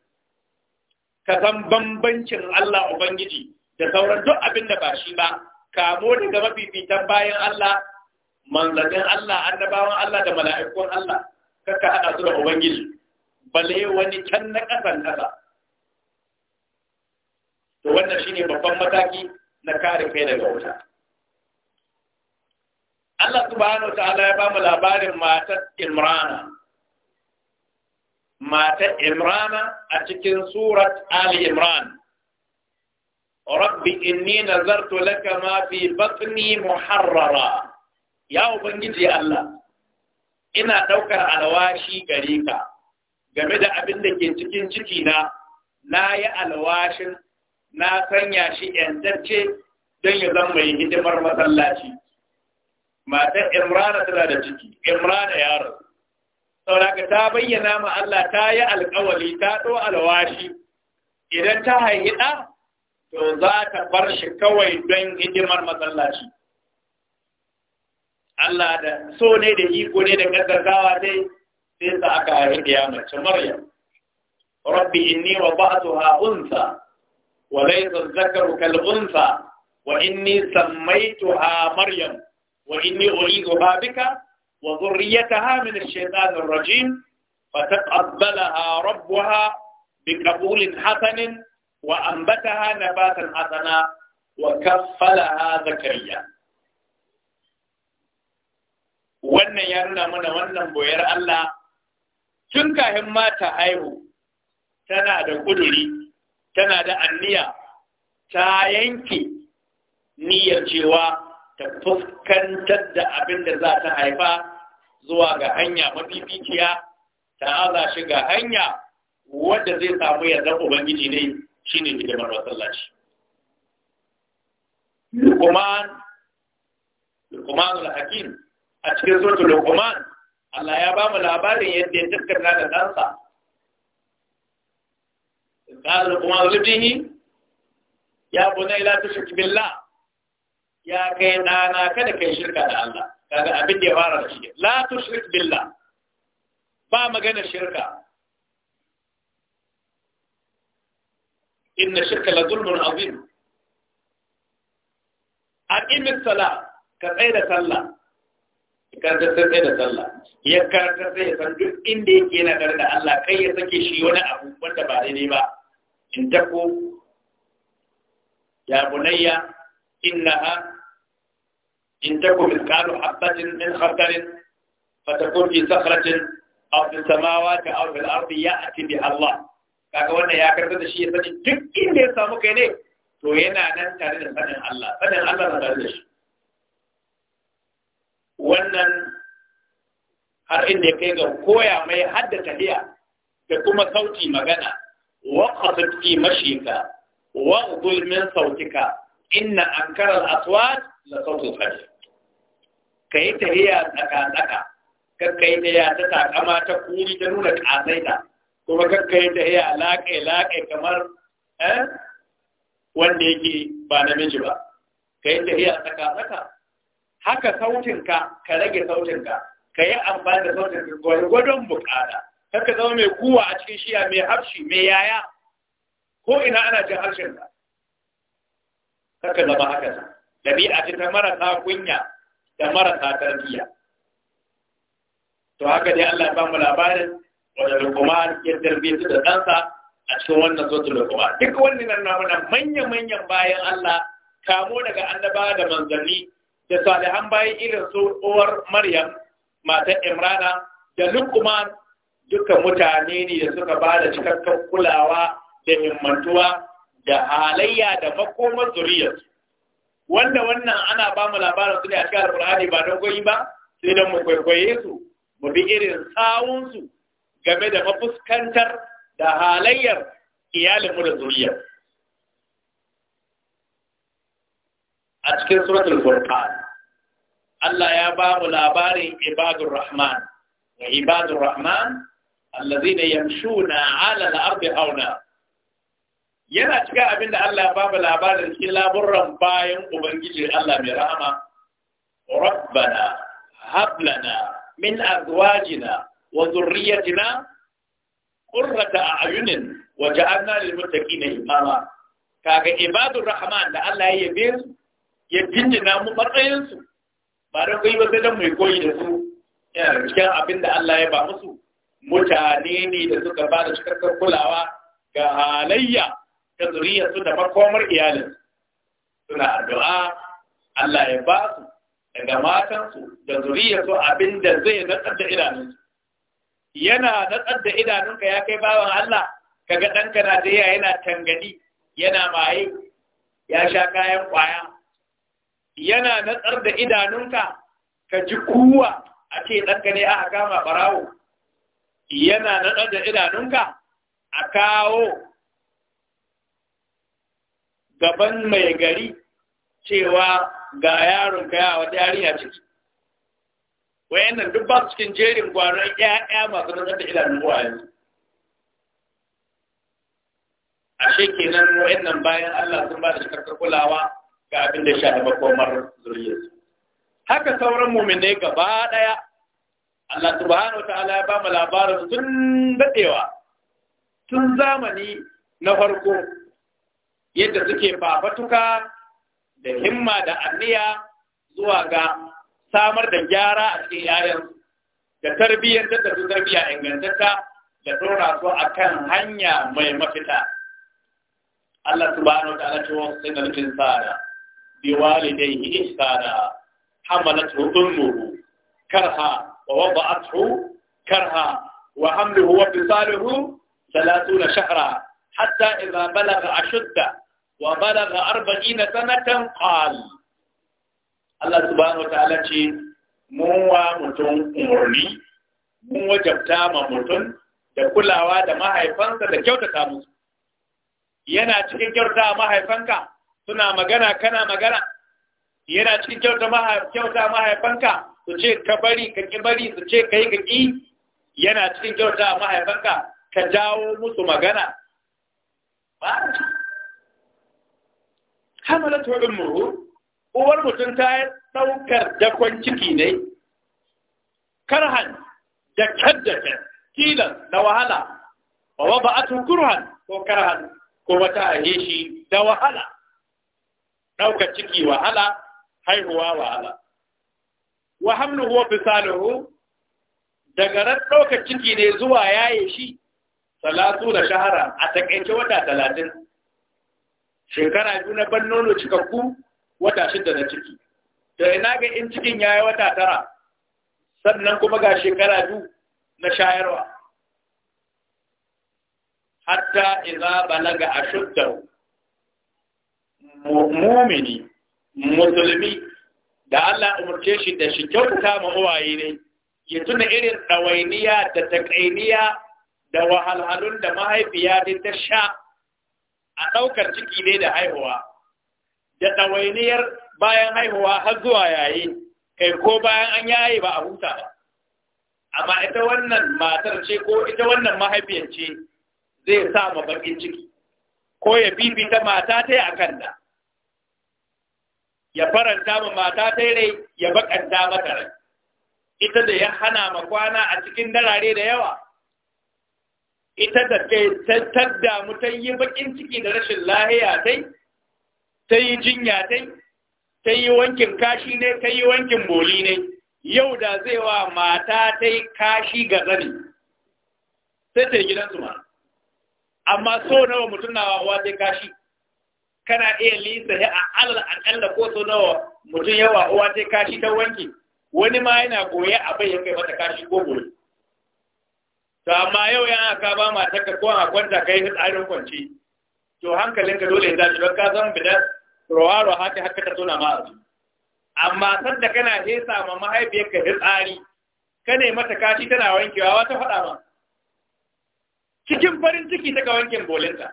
ka san bambancin Allah ubangiji da sauran duk abin da ba shi ba kamo daga mafifitan bayan Allah manzannin Allah annabawan Allah da mala'ikun Allah kaka haɗa su da ubangiji balle wani can na ƙasan ƙasa to wannan shine babban mataki na kare kai daga wuta Allah subhanahu wa ta'ala ya ba mu labarin matar Imrana matar Imrana a cikin surat Ali Imran Rabbi inni nazartu laka ma fi batni muharrara ya ubangiji Allah ina ɗaukar alwashi gare ka game da abin da ke cikin ciki na na yi alwashin na sanya shi yantacce don ya zama mai hidimar masallaci matar imrana tana da ciki imrana yaro sauraka ta bayyana ma Allah ta yi alkawali ta ɗo alwashi idan ta haihi ɗa to za ta bar shi kawai don hidimar masallaci Allah da so ne da iko ne da gaggawa dai sai sa aka haifi ya mace Maryam rabbi inni wada'tuha unsa wa laysa adh-dhakaru kal unsa wa inni sammaytuha Maryam wa inni u'idhuha bika wa dhurriyyataha min ash-shaytan ar-rajim fataqabbalaha rabbuha biqabulin hasanin wa anbataha nabatan hasana wa kaffalaha zakariya wannan ya nuna mana wannan boyar Allah tun kahin mata haihu tana da kuduri tana da anniya ta yanke niyyar cewa ta fuskantar da abin da za ta haifa zuwa ga hanya mafificiya ta aza shi ga hanya wadda zai samu yardar ubangiji ne shine da masallaci Kuma al-Hakim a cikin suratul Luqman Allah ya ba mu labarin yadda ya tattauna da ɗansa قال لقمان لابنه يا بني لا تشرك بالله يا كيدانا كذا كي شركة الله كذا أبن يفارة شيء لا تشرك بالله با مغنى الشركة إن الشركة لظلم عظيم أقيم الصلاة كغير صلاة karanta sai da sallah ya karanta sai ya san duk inda yake yana tare da Allah kai ya sake shi wani abu wanda ba daidai ba in tako ya bunayya innaha in tako miskalu habatin min khardalin fatakun fi sakhratin aw fi samawati aw fil ardi ya'ti bi Allah kaga wannan ya karanta da shi ya sani duk inda ya samu kai ne to yana nan tare da sanin Allah sanin Allah na tare da shi wannan har inda ya kai ga koya mai hadda tahiya da kuma sauti magana wa qasid fi mashika wa udul min sautika inna ankara al-aswat la sautul khadir kai tahiya tsaka tsaka kakkai da ya ta takama ta kuri ta nuna kasaita kuma kakkai da ya laƙe laƙe kamar eh wanda yake ba namiji ba kai da ya tsaka tsaka haka sautinka ka rage sautinka ka yi amfani da sautinka gwargwadon bukata ka zama mai kuwa a cikin shiya mai harshe mai yaya ko ina ana jin harshen ka haka zama haka sa dabi'a ce ta marasa kunya da marasa tarbiyya to haka dai Allah ya bamu labarin wanda Luqman ya tarbiyyar da ɗansa a cikin wannan sautin Luqman duk wannan nan na manyan manyan bayan Allah kamo daga annabawa da manzanni da salihan bayi irin su uwar Maryam matan Imrana da Luqman duka mutane ne da suka ba da cikakken kulawa da himmantuwa da halayya da makomar zuriyarsu wanda wannan ana ba mu labarin su ne a cikin alƙur'ani ba don goyi ba sai don mu kwaikwaye su mu bi irin sawunsu game da mafuskantar da halayyar iyalinmu da zuriyar a cikin suratul furqan Allah ya ba mu labarin ibadur rahman wa ibadur rahman allazina yamshuna ala al-ardi hauna yana cikin abin da Allah ba mu labarin cikin laburran bayan ubangiji Allah mai rahama rabbana hab lana min azwajina wa dhurriyyatina qurrata a'yunin waja'alna lil muttaqina imama kaga ibadur rahman da Allah ya yabe su ya na mu matsayinsu ba don kai ba sai don mai koyi da su yana cikin abin da Allah ya ba musu mutane ne da suka ba da cikakkar kulawa ga halayya ta su da makomar iyalin suna addu'a Allah ya ba su daga matansu da zuriyarsu abin da zai natsar da idanunsu yana natsar da idanunka ya kai bawan Allah kaga ɗanka na da yana tangadi yana maye ya sha kayan ƙwaya yana natsar da idanunka ka ji kuwa a ce ɗanka ne aka kama ɓarawo yana natsar da idanunka a kawo gaban mai gari cewa ga yaron ka yawa da ce. ciki wayannan duk ba cikin jerin gwanon ƴaƴa masu natsar da idanun yanzu. ashe kenan nan bayan Allah sun ba da karkar kulawa ga abin da shahi makomar zuriyarsu haka sauran muminai gaba ɗaya. Allah subhanahu wa ta'ala ya ba mu labarin tun dadewa tun zamani na farko yadda suke fafatuka da himma da anniya zuwa ga samar da gyara a cikin yayan da tarbiyyar da su tarbiyya ingantacca da dora su kan hanya mai mafita Allah subhanahu wa ta'ala ce wasu sai da بوالديه إحسانا حملته أمه كرها ووضعته كرها وحمله وفصاله ثلاثون شهرا حتى إذا بلغ أشده وبلغ أربعين سنة قال الله سبحانه وتعالى mun wa mutum umarni mun wajabta ma mutum da kulawa da mahaifansa da kyautata musu yana cikin kyautata mahaifanka suna magana kana magana yana cikin kyauta kyauta mahaifanka su ce ka bari ka ki bari su ce kai ka ki yana cikin kyauta mahaifanka ka jawo musu magana ba tobin ummuhu uwar mutum ta yi daukar dakon ciki ne karhan da kaddata kilan da wahala ba a kurhan ko karhan ko wata ahe shi da wahala ɗaukar ciki wahala haihuwa wahala wa huwa fi salihu daga ran ɗaukar ciki ne zuwa yaye shi salatu da shahara a takaice wata talatin shekara biyu na ban nono cikakku wata shida na ciki da ina ga in cikin yayi wata tara sannan kuma ga shekara biyu na shayarwa hatta idza balaga ashuddahu mumini musulmi da Allah umarce shi da shi kyauta ma uwaye ne ya tuna irin ɗawainiya da takainiya da wahalhalun da mahaifiya din ta sha a ɗaukar ciki ne da haihuwa da ɗawainiyar bayan haihuwa har zuwa yayi kai ko bayan an yaye ba a huta ba amma ita wannan matar ce ko ita wannan mahaifiyar ce zai sa ma bakin ciki ko ya ta mata ta yi a kan da ya faranta ma mata ta rai ya bakanta mata rai ita da ya hana ma kwana a cikin darare da yawa ita da ke tadda mu yi bakin ciki da rashin lahiya tai ta yi jinya tai ta yi wankin kashi ne ta yi wankin boli ne yau da zai wa mata ta yi kashi ga zani sai ta yi gidansu ma amma so nawa mutum na wa kashi kana iya lisa ya alal akalla ko so nawa mutum yawa uwa sai kashi ta wanki wani ma yana goye a bai ya kai mata kashi ko goye to amma yau yana ka ba ma ta ko a kwanta kai tsarin kwanci to ka dole ya tashi don ka zama bidan rawaro haka haka ta tona ma amma sanda kana hesa ma mahaifiyarka tsari, ka ne mata kashi tana wankewa wata faɗa ma cikin farin ciki ta ka wankin bolinta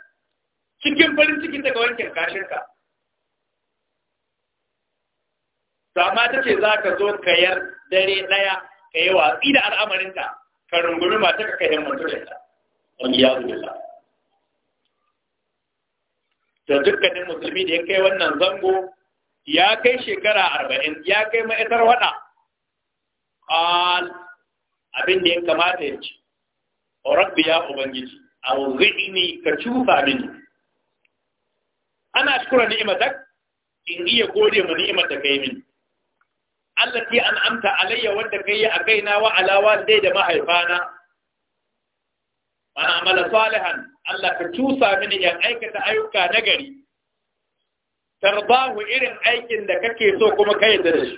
cikin farin ciki ta ga wankin kashinka sama ta ce za ka zo ka yar dare ɗaya ka yi watsi da al'amarinka ka rungumi mata ka kai mutu da wani ya zuwa ta da dukkanin musulmi da ya kai wannan zango ya kai shekara arba'in ya kai ma'aikatar waɗa abin da ya kamata ya ci rabbi ya ubangiji a ne ka cufa mini ana shukura ni'imatak in iya gode mu ni'imar da kai min Allah ki an alayya wanda kai a kaina wa alawa dai da mahaifana mana amala salihan Allah ka tusa mini ya aikata ayyuka nagari tarbahu irin aikin da kake so kuma kai da shi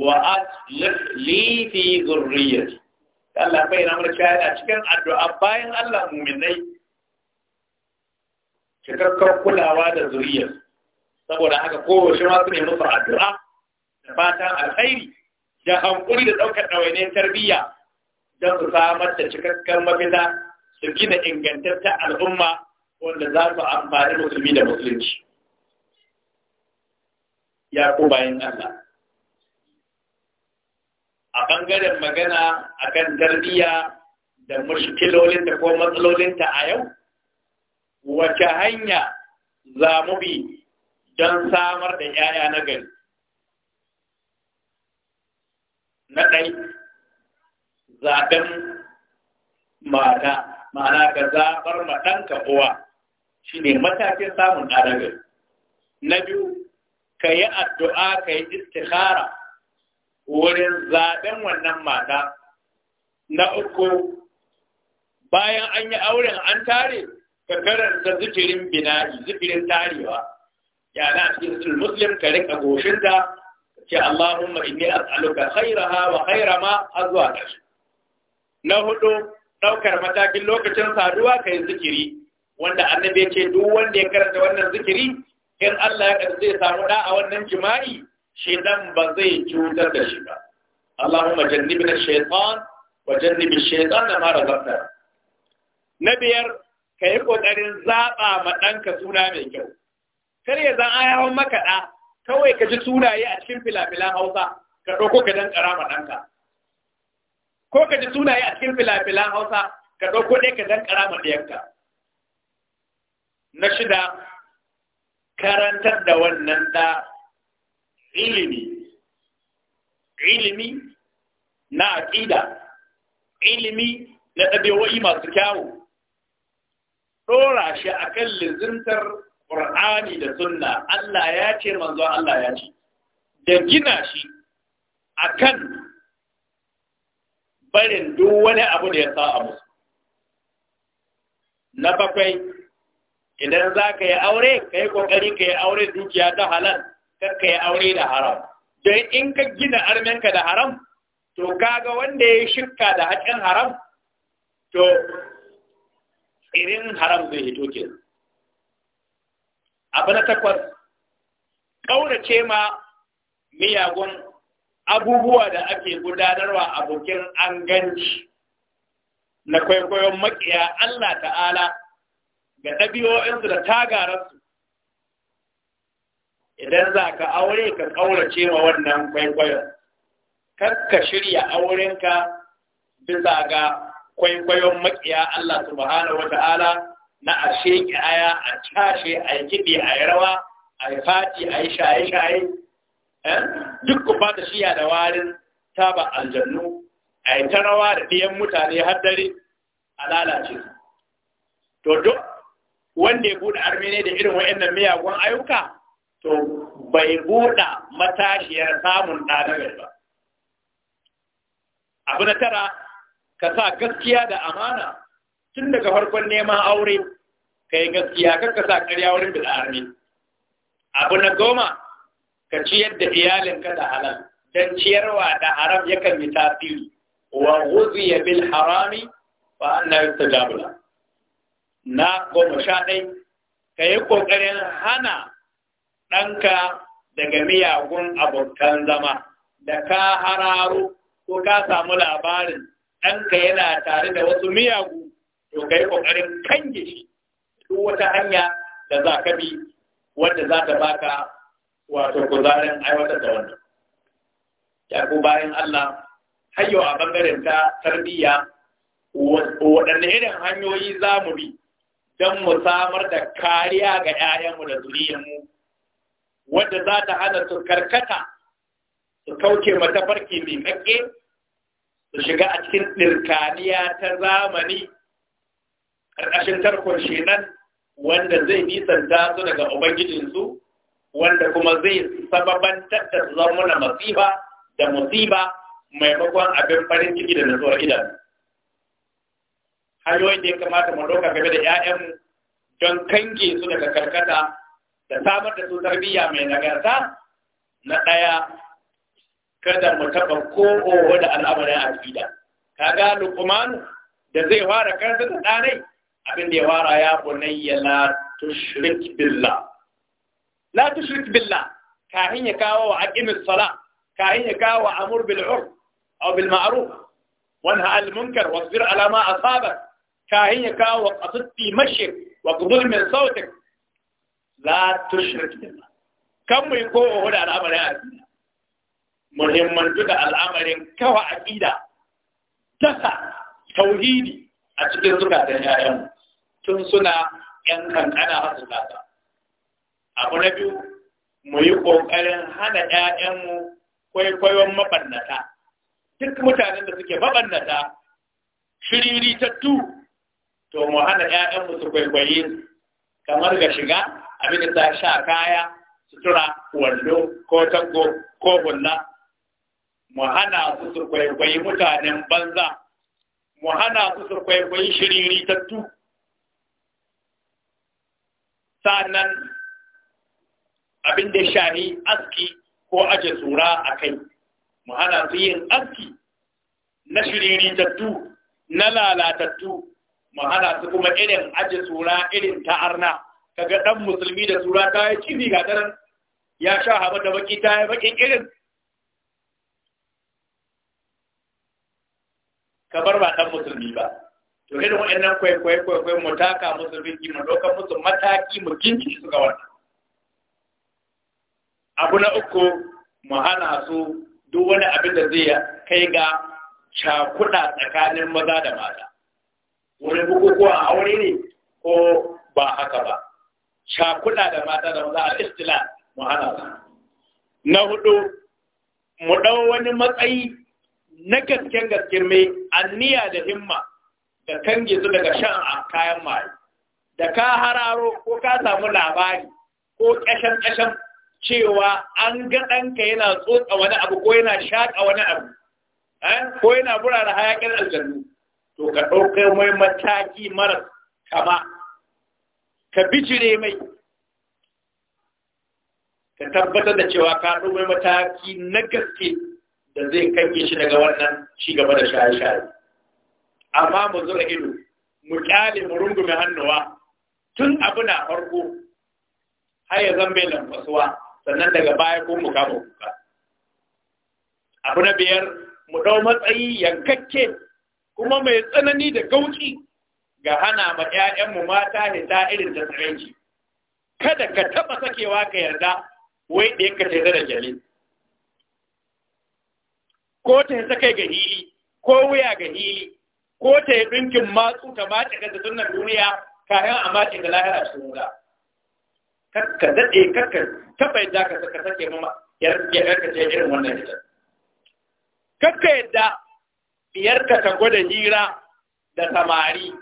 wa aslih li fi zurriyyati Allah bai na cikin addu'a bayan Allah mu'minai cikakkar kulawa da zuriyar saboda haka kowace masu su ne musu addu'a da fatan alkhairi da hankuri da ɗaukar ɗawainiyar tarbiyya don su samar da cikakkar mafita su gina ingantaccen al'umma wanda za su amfani musulmi da musulunci ya ku bayan Allah a ɓangaren magana akan tarbiyya da mushkilolin da ko matsalolinta a yau wace hanya za mu bi don samar da ‘ya'ya na gari. Na ɗai, zaɓen mata, ma'ana ka zaɓar matanka uwa shi ne matakin samun ɗanagari. Na biyu, ka yi addu'a ka yi istikhara wurin zaɓen wannan mata. Na uku, bayan an yi auren an tare, ka karanta zikirin bina'i zikirin tarewa ya na cikin sul muslim ka rika goshin ta ce Allahumma inni as'aluka khairaha wa khaira ma azwa na hudu daukar matakin lokacin saduwa kai zikiri wanda annabi ya ce duk wanda ya karanta wannan zikiri in Allah ya karbi zai samu da a wannan jima'i shedan ba zai cutar da shi ba Allahumma jannibna shaytan wa jannibi shaytan ma razaqtana na biyar ka yi ƙoƙarin zaɓa ma ɗanka suna mai kyau kar ya zan an hawan makaɗa kawai ka ji sunaye a cikin filafilan hausa ka ɗauko ka dan ƙara ma ɗanka ko ka ji sunaye a cikin filafilan hausa ka ɗauko ɗaya ka dan ƙara ma ɗiyanka na shida karantar da wannan da ilimi ilimi na aƙida ilimi na ɗabewa'i masu kyawu ɗora shi a kan lizimtar ƙur'ani da sunna Allah ya ce manzo Allah ya ce da gina shi a kan barin duk wani abu da ya sa a musu na bakwai idan za ka yi aure ka yi ƙoƙari ka yi aure dukiya ta halal kar ka yi aure da haram don in ka gina armenka da haram to kaga wanda ya shirka da haƙin haram to Irin haram zai hito ke abu na takwas ƙaurace ma miyagun abubuwa da ake gudanarwa abokin an ganci na kwaikwayon maƙiya Allah ta'ala ga ɗabi'o'insu da tagararsu idan za ka aure ka ƙaurace ma wannan kwaikwayon kar ka shirya aurenka bisa ga kwaikwayon makiya Allah subhanahu wa ta'ala na a sheke aya a cashe a yi kiɗi a yi rawa a yi fati a yi shaye-shaye eh? duk ku fata shiya da warin taba aljannu a yi ta rawa da ɗiyan mutane har dare a lalace su. to duk wanda ya buɗe armene da irin wa'annan miyagun ayyuka to bai buɗe matashiyar samun ɗanar ba abu na tara ka sa gaskiya da amana tun daga farkon neman aure ka yi gaskiya kar ka sa karya wurin bil'armi abu na goma ka ciyar da iyalinka da halal don ciyarwa da haram yakan yi tasiri wa wuziya bil harami fa anna ta jabula. na goma sha ɗai ka yi ƙoƙarin hana ɗanka daga miyagun abokan zama da ka hararu ko ka samu labarin ɗanka yana tare da wasu miyagu to ka yi ƙoƙarin kange shi duk wata hanya da za ka bi wanda za ta baka wato kuzarin aiwatar da wannan ya ku bayan Allah hayo a bangaren ta tarbiyya waɗanne irin hanyoyi za mu bi don mu samar da kariya ga 'ya'yanmu da zuriyanmu wadda za ta hana su karkata su kauce mata farki mai kakke su shiga a cikin ɗirkaniya ta zamani ƙarƙashin tarkon shi nan, wanda zai nisanta su daga ubangijinsu wanda kuma zai sababantar da su zama masifa da musiba maimakon abin farin ciki da nutsuwar idan hanyoyin da ya kamata mu ɗauka game da 'ya'yan don kange su daga karkata da samar da su tarbiyya mai nagarta na ɗaya kada mu taba ko oho da al'amarin aqida kaga luqman da zai fara kansa da ɗanai abin da ya fara ya bunayya la tushrik billah la tushrik billah ka hin ya kawo wa aqimis sala ka hin ya kawo amur bil urf aw bil ma'ruf wanha al munkar wasbir ala ma asaba ka hin ya kawo wa qasdi mashik wa qudul min sawtik la tushrik billah kam mai ko oho da al'amarin aqida Muhimman duka al'amarin kawa a ƙida dasa tauhidi a cikin zukatan ‘ya'yan tun suna ‘yan kankana a zukata. Abu na biyu, mu yi ƙoƙarin hana ‘ya'yanmu kwaikwayon mabannata. Duk mutanen da suke mabannata, shiriri tu, to mu hana ‘ya'yanmu su kwaikwayi kamar ga shiga abin da ta sha kaya, sutura, wando, ko tango, ko bulla, mu hana su surkwaikwayi mutanen banza mu hana su surkwaikwayi shiriri tattu sannan abin da shari aski ko aje tsura a kai mu hana su yin aski na shiriri tattu na lalatattu mu hana su kuma irin aje tsura irin ta'arna kaga ɗan musulmi da tsura ta yi cibi ga daren ya sha haɓa da baki ta yi baƙin irin kamar ba ɗan musulmi ba to irin waɗannan kwaikwayo kwaikwayo mu taka musu biki mu doka musu mataki mu ginci su ga wannan abu na uku mu hana su duk wani abin da zai kai ga cakuɗa tsakanin maza da mata wani bukukuwa a aure ne ko ba haka ba cakuɗa da mata da maza a istila mu hana su na hudu mu ɗau wani matsayi na gasken gasken mai anniya da himma da kange su daga shan a kayan maye da ka hararo ko ka samu labari ko ƙashen ƙashen cewa an ga ɗanka yana tsotsa wani abu ko yana shaƙa wani abu eh, ko yana burara hayaƙin aljannu to ka ɗauka mai mataki mara kama ka bijire mai ka tabbatar da cewa ka ɗauka mai mataki na gaske da zai kange shi daga wannan shi gaba da shaye-shaye amma mu zura ido mu kyale mu rungume hannuwa tun abu na farko Haya ya zan bai lamfasuwa sannan daga baya ko mu kama kuka abu na biyar mu ɗau matsayi yankakke kuma mai tsanani da gauci ga hana ma 'ya'yanmu mata ne ta irin ta tsaranci. kada ka taɓa sakewa ka yarda wai ɗaya ka ce da jale ko ta yi sakai ga hili ko wuya ga hili ko ta yi ɗinkin matsu ta mace ga sunan duniya kayan a mace ga lahira su wuga ka daɗe kakka taɓa yadda ka saka sake mama yarka ce irin wannan hitar kakka yadda diyarka ta gwada hira da samari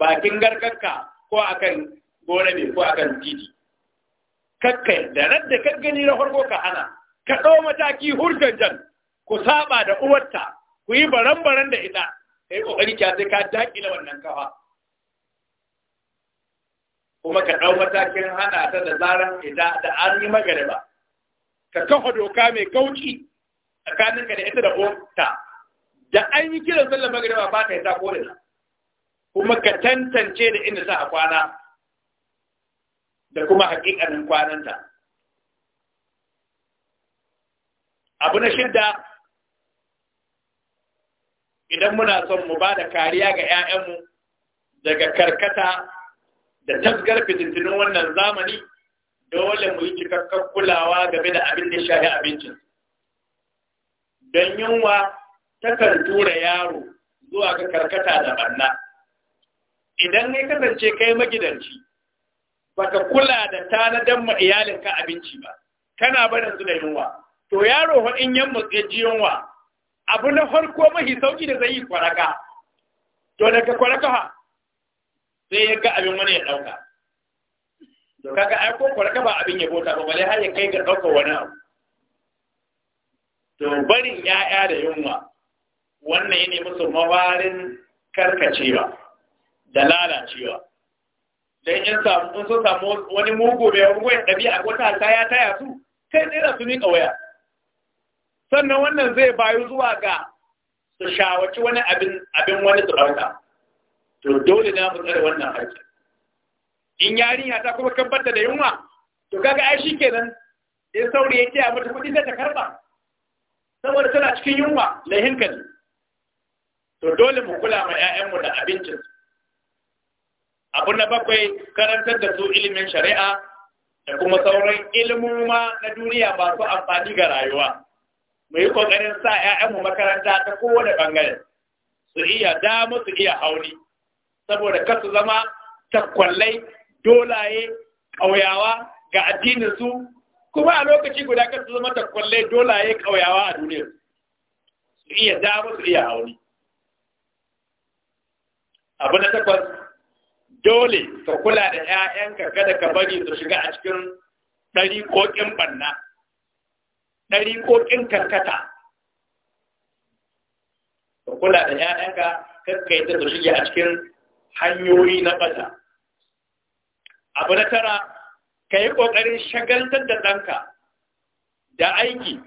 bakin garkarka ko akan gona ne ko akan titi kakka yadda radda ka gani na farko ka hana ka ɗau mataki hurjan jan ku saba da uwarta ku yi baran-baran da ita ka yi ƙoƙari kya sai ka daƙila wannan kafa kuma ka ɗau matakin hana ta da zaran ita da an yi magariba ka kafa doka mai kauci tsakaninka da ita da uwarta da an yi kiran sallar magariba ba ta yi ta kore kuma ka tantance da inda za a kwana da kuma hakikanin kwananta abu na shidda idan muna son mu ba da kariya ga 'ya'yanmu daga karkata da tasgar fitintinin wannan zamani dole mu yi cikakkar kulawa game da abin da shafi abincin don yunwa takan tura yaro zuwa ga karkata da banna idan ya kasance kai magidanci baka kula da tanadan ma iyalinka abinci ba kana barin su da yunwa to yaro in yan mutse ji yunwa abu na farko mahi sauki da zai yi kwaraka to daga kwaraka sai ya ga abin wani ya dauka to kaga ai ko kwaraka ba abin ya bota ba balle har ya kai ga dauka wani abu to barin ya'ya da yunwa wannan yana musu mawarin karkacewa da lalacewa dan in samu sun samu wani mugu mai wani ɗabi'a ko ta ya taya su kai tsira su miƙa waya sannan wannan zai bayu zuwa ga su shawaci wani abin wani su to dole na mutar wannan haƙƙi in yarinya ta kuma kabbata da yunwa to kaga ai shikenan in sauri ya kiya mata kuɗi da ta karba saboda tana cikin yunwa na hinkali to dole mu kula ma 'ya'yanmu da abincin abu na bakwai karantar da su ilimin shari'a da kuma sauran ilmuma na duniya ba su amfani ga rayuwa mu yi kokarin sa ƴaƴanmu makaranta ta kowane bangare su iya damu su iya hauni saboda kasu su zama takwallai dolaye ƙauyawa ga addinin su kuma a lokaci guda kasu su zama takwallai dolaye ƙauyawa a duniya su iya damu su iya hauni abu na takwas dole ka kula da 'ya'yanka kada ka bari su shiga a cikin ɗari ko ƙin banna ɗariƙoƙin karkata ka kula da ‘ya'yanka karka yi shige a cikin hanyoyi na ƙasa. abu na tara ka yi ƙoƙarin shagaltar da ɗanka da aiki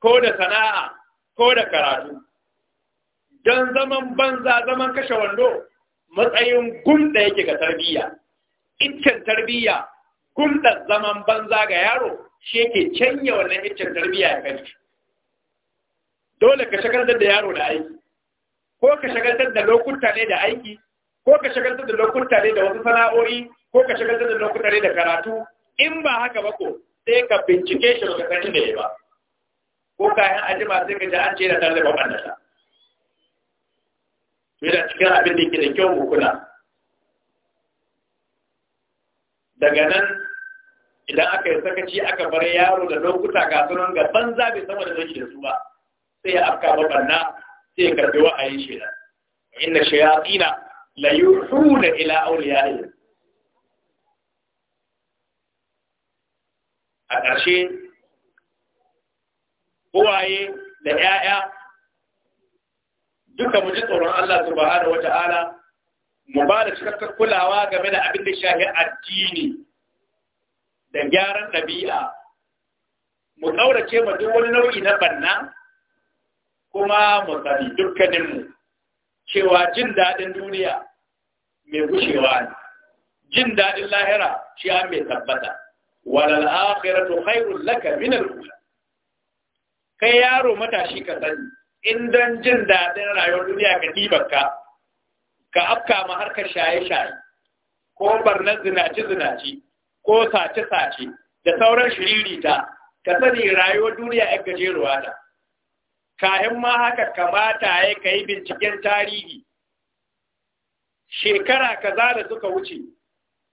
ko da sana'a ko da karatu don zaman banza zaman kashe wando matsayin gumda yake ga tarbiyya iccen tarbiyya gumda zaman banza ga yaro shi ke canya wannan iccen tarbiyya ya kai dole ka shagaltar da yaro da aiki ko ka shagaltar da lokuta ne da aiki ko ka shagaltar da lokuta ne da wasu sana'o'i ko ka shagaltar da lokuta ne da karatu in ba haka ba ko sai ka bincike shi ba ka san ne ba ko kayan ajima sai ka ji an ce da tare da babban yana cikin abin da ke da kyau mu daga nan idan aka yi sakaci aka bar yaro da lokuta ga sunan ga banza bai sama da zaki da su ba sai ya afka babanna sai ya karbi wa'ayin shi inna shayatina la yuhuna ila awliyai a ƙarshe uwaye da 'ya'ya duka mu ji tsoron Allah subhanahu wata'ala mu ba da cikakken kulawa game da abin da shahi addini da gyaran ɗabi'a mu ɗaurace ma duk wani nau'i na banna kuma mu sani dukkaninmu cewa jin daɗin duniya mai gushewa ne jin daɗin lahira shi an mai tabbata walal akhiratu khairul laka min al-ula kai yaro matashi ka sani in dan jin daɗin rayuwar duniya ka dibarka ka afka ma harkar shaye-shaye ko barnar zinaci-zinaci ko sace-sace da sauran shiririta ka sani rayuwar duniya yan gajeruwa ta kayan ma haka kamata ya ka yi binciken tarihi shekara ka da suka wuce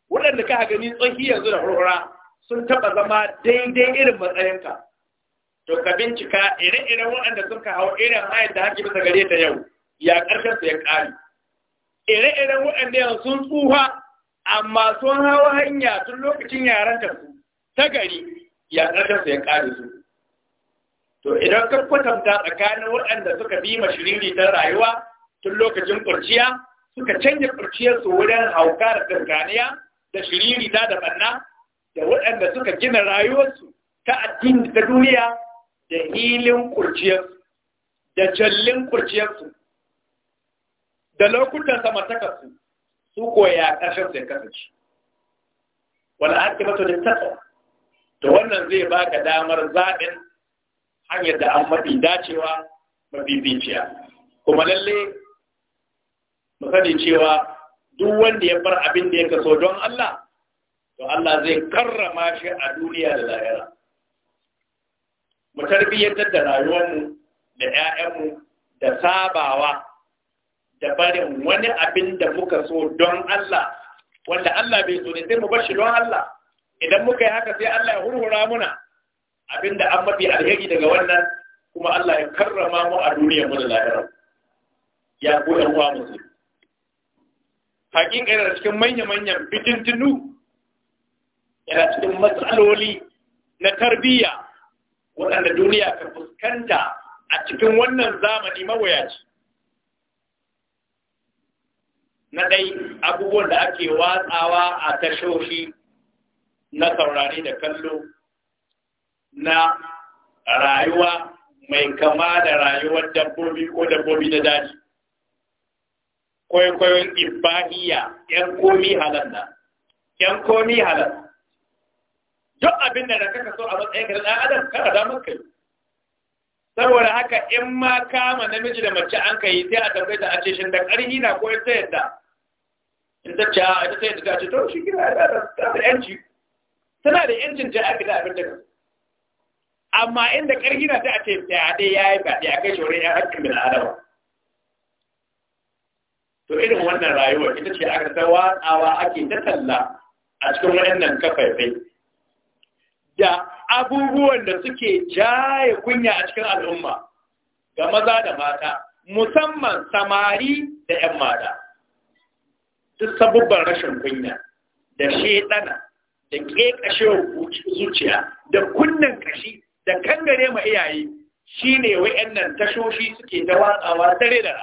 waɗanda ka gani tsohi yanzu da hurhura sun taɓa zama daidai irin matsayinka to ka bincika ire-iren waɗanda sun ka hau irin hayar da haƙi bisa gare ta yau ya ƙarshen su ya ƙari ire-iren waɗanda yanzu sun tsuha amma sun hawa hanya tun lokacin yaran ta su ta gari ya tsada su ya ƙari su to idan ka kwatanta tsakanin waɗanda suka bi mashiriri ta rayuwa tun lokacin ƙurciya, suka canja ƙurciyarsu su wurin hauka da tsirganiya da shiriri ta da banna da waɗanda suka gina rayuwarsu ta addini ta duniya da hilin kurciyarsu da jallin kurciyarsu da lokutan samartakarsu su koya ƙarshen sai kasance wala an kima da tafa, da wannan zai baka damar zaɓin hanyar da an mafi dacewa mafi kuma lalle mu cewa duk wanda ya bar abin da ya kaso don Allah to Allah zai karrama shi a duniya da lahira mu tarbiyyantar da rayuwarmu da 'ya'yanmu da sabawa da barin wani abin da muka so don Allah wanda Allah bai so ne sai mu bar don Allah idan muka yi haka sai Allah ya hurhura muna da an mafi alheri daga wannan kuma Allah ya karrama mu a duniyar mu da lahira ya buɗe ɗan musu hakika yana cikin manya-manyan fitintinu yana cikin matsaloli na tarbiyya waɗanda duniya ka fuskanta a cikin wannan zamani mawuyaci na dai abubuwan da ake watsawa a tashoshi na saurari da kallo na rayuwa mai kama da rayuwar dabbobi ko dabbobi na daji kwaikwayon ibahiya yan komi halalla yan komi halalla duk abin da kaka so a matsayin da ɗan adam kada da muka yi saboda haka in ma kama namiji da mace an kai sai a tambaye a ce shin da ƙarhi na ko ta yadda in ta ce a ah, ita sai ta ce ah, to shi gina ta da yanci tana da yancin ta aka da abin da amma inda ƙarfi na ta a ce ta dai ya yi fadi a kai shorin ya hakkin bin adama to irin wannan rayuwar ita ce aka ta watsawa ake ta talla a cikin waɗannan kafaifai da abubuwan da suke jaye kunya a cikin al'umma ga maza da mata musamman samari da 'yan mata duk sabubban rashin kunya da shaidana da kekashewar zuciya da kunnen kashi da kangare ma iyaye shi shine wayannan tashoshi suke da watsawa dare da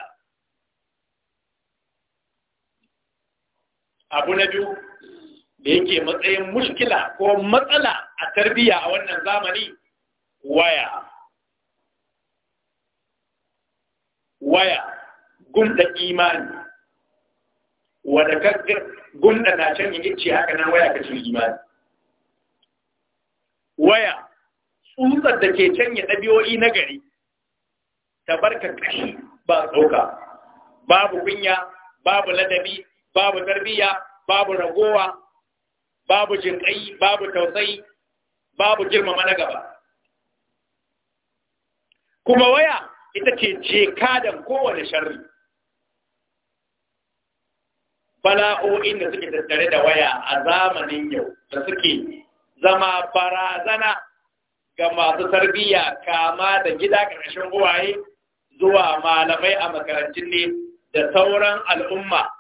abu na biyu da yake matsayin mushkila ko matsala a tarbiyya a wannan zamani waya waya gumda imani wadda ka gunda na can yi ce haka nan waya ka imani waya tsutsar da ke can ɗabi'o'i na gari ta barka kashi ba tsoka babu kunya babu ladabi babu tarbiyya babu ragowa babu jinƙai babu tausayi babu girmama na gaba kuma waya ita ce jekadan kowane sharri bala'o'in da suke tattare da waya a zamanin yau da suke zama barazana ga masu tarbiyya kama da gida ƙarshen uwaye zuwa malamai a makarantun ne da sauran al'umma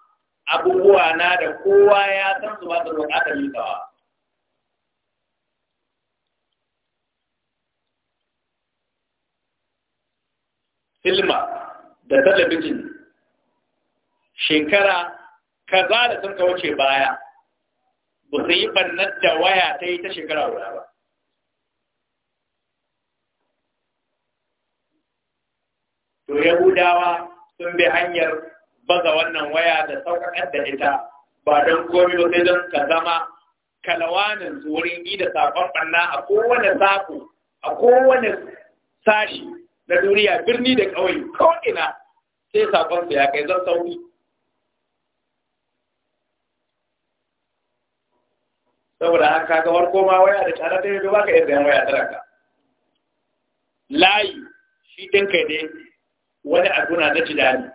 abubuwa na da kowa ya san su ba su buƙatar yi Filma da talabijin shekara kaza da sun wuce baya ba su yi bannar da waya ta yi ta shekara guda ba to yahudawa sun bi hanyar baza wannan waya da sauƙaƙar da ita ba don komi ba sai don ka zama kalawanin wurin yi da saƙon, ɓanna a kowane saƙo a kowane sashi na duniya birni da ƙauye ko'ina, sai saƙon su ya kai zan sauri saboda haka kaga warko ma waya da tsara ta ba ka yadda waya tara layi shi din kai ne wani abu na na tunani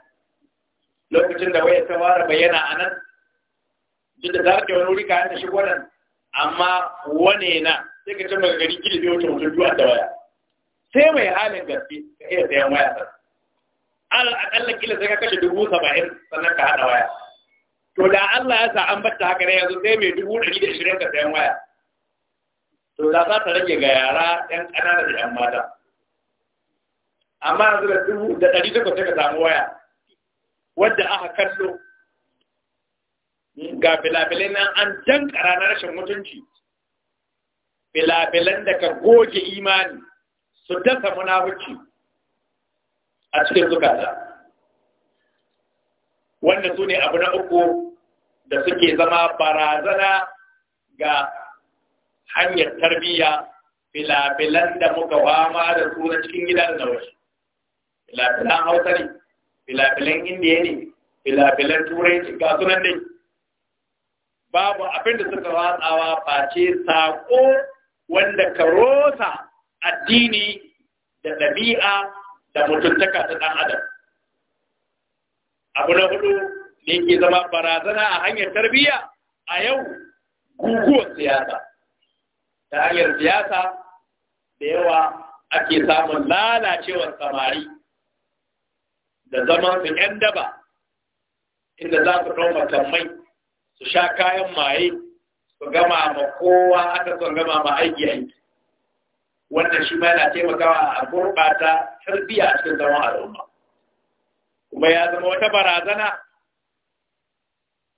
lokacin da waya ta fara bayyana a nan duk da za zaka wani wuri kayan da shi nan amma wane na sai ka cimma gari gidi ne wata mutum duwa da waya sai mai halin gaske ka iya sayan waya tara alal kila sai ka kashe dubu saba'in sannan ka haɗa waya to da Allah ya sa an bata haka ne yanzu sai mai dubu ɗari da ishirin ka sayan waya to da za ta rage ga yara 'yan ƙanana da 'yan mata amma yanzu da dubu da ɗari takwas sai ka samu waya wadda aka kallo ga filafilai nan an jankara na rashin mutunci filafilan da ka goge imani su dasa munafuci a cikin zukata wanda su ne abu na uku da suke zama barazana ga hanyar tarbiyya filafilan da muka wama da su na cikin gida da waje filafilan hausa ne filafilan indiya ne filafilan turai ne ga sunan dai babu abin da suka watsawa face saƙo wanda ka rosa addini da ɗabi'a da mutuntaka ta ɗan adam abu na hudu ne ke zama barazana a hanyar tarbiyya a yau guguwar siyasa ta hanyar siyasa da yawa ake samun lalacewar samari da zaman su ‘yan daba inda za su kawo matamai su sha kayan maye su gama ma kowa aka son gama ma aiki aiki wannan shi ma yana taimakawa a gurɓata tarbiyya cikin zaman al'umma kuma ya zama wata barazana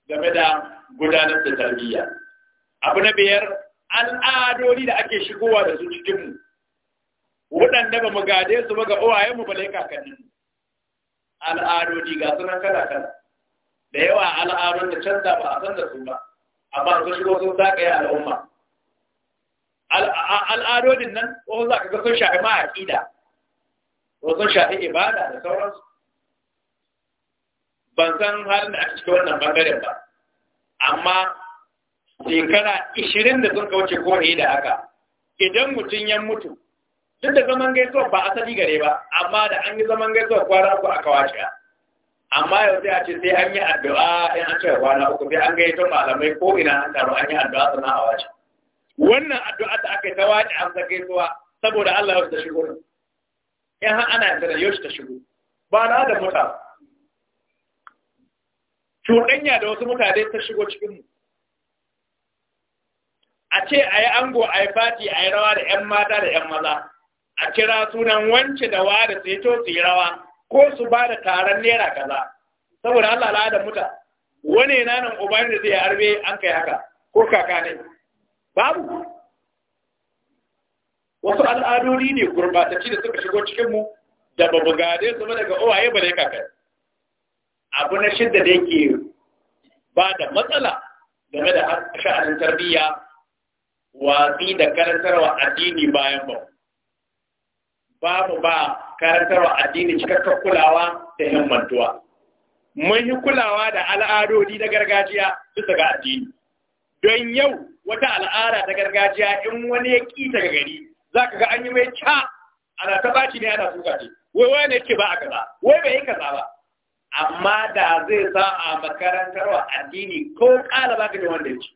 game da gudanar da tarbiyya abu na biyar al'adori da ake shigowa da su cikinmu waɗanda ba mu gade su ba ga uwayenmu ba dai kakanninmu al'adodi ga sunan kala kala da yawa al'adun da canza ba a san da su ba amma sun shigo sun zagaye al'umma al'adodin nan ko za ka ga sun shafi ma'aƙida ko wasu sun shafi ibada da sauransu ban san har da ake cikin wannan bangaren ba amma shekara ishirin da sun kauce ko da haka idan mutum ya mutu duk da zaman gaisuwa ba asali gare ba amma da an yi zaman gaisuwa kwana uku aka wace amma yau sai a ce sai an yi addu'a in an ce kwana uku sai an gaito malamai ko ina an taru an yi addu'a sannan a wace wannan addu'a da aka yi ta wace an sa gaisuwa saboda Allah ya ta shigo in har ana yarda yau ta shigo ba na da mutane cuɗanya da wasu mutane ta shigo cikinmu a ce a yi ango a yi fati a yi rawa da 'yan mata da 'yan maza a kira sunan wance da wa da to su yi rawa ko su ba da taron naira kaza saboda Allah da muta wane na nan uban da zai harbe an kai haka ko kaka ne babu wasu al'adori ne gurbatacci da suka shigo cikinmu da babu gade su daga owaye ba dai kakai abu na shidda da yake ba da matsala game da sha'anin tarbiyya watsi da karantarwa addini bayan ba babu ba karantarwa addini cikakken kulawa da himmantuwa mun yi kulawa da al'adodi na gargajiya bisa ga addini don yau wata al'ada ta gargajiya in wani ya ƙi ta gari za ka ga an yi mai ca ana ta ne ana suka ce wai wani ne ke ba a kaza wai bai yi kaza ba amma da zai sa a makarantar wa addini ko kala ba ka wanda ya ci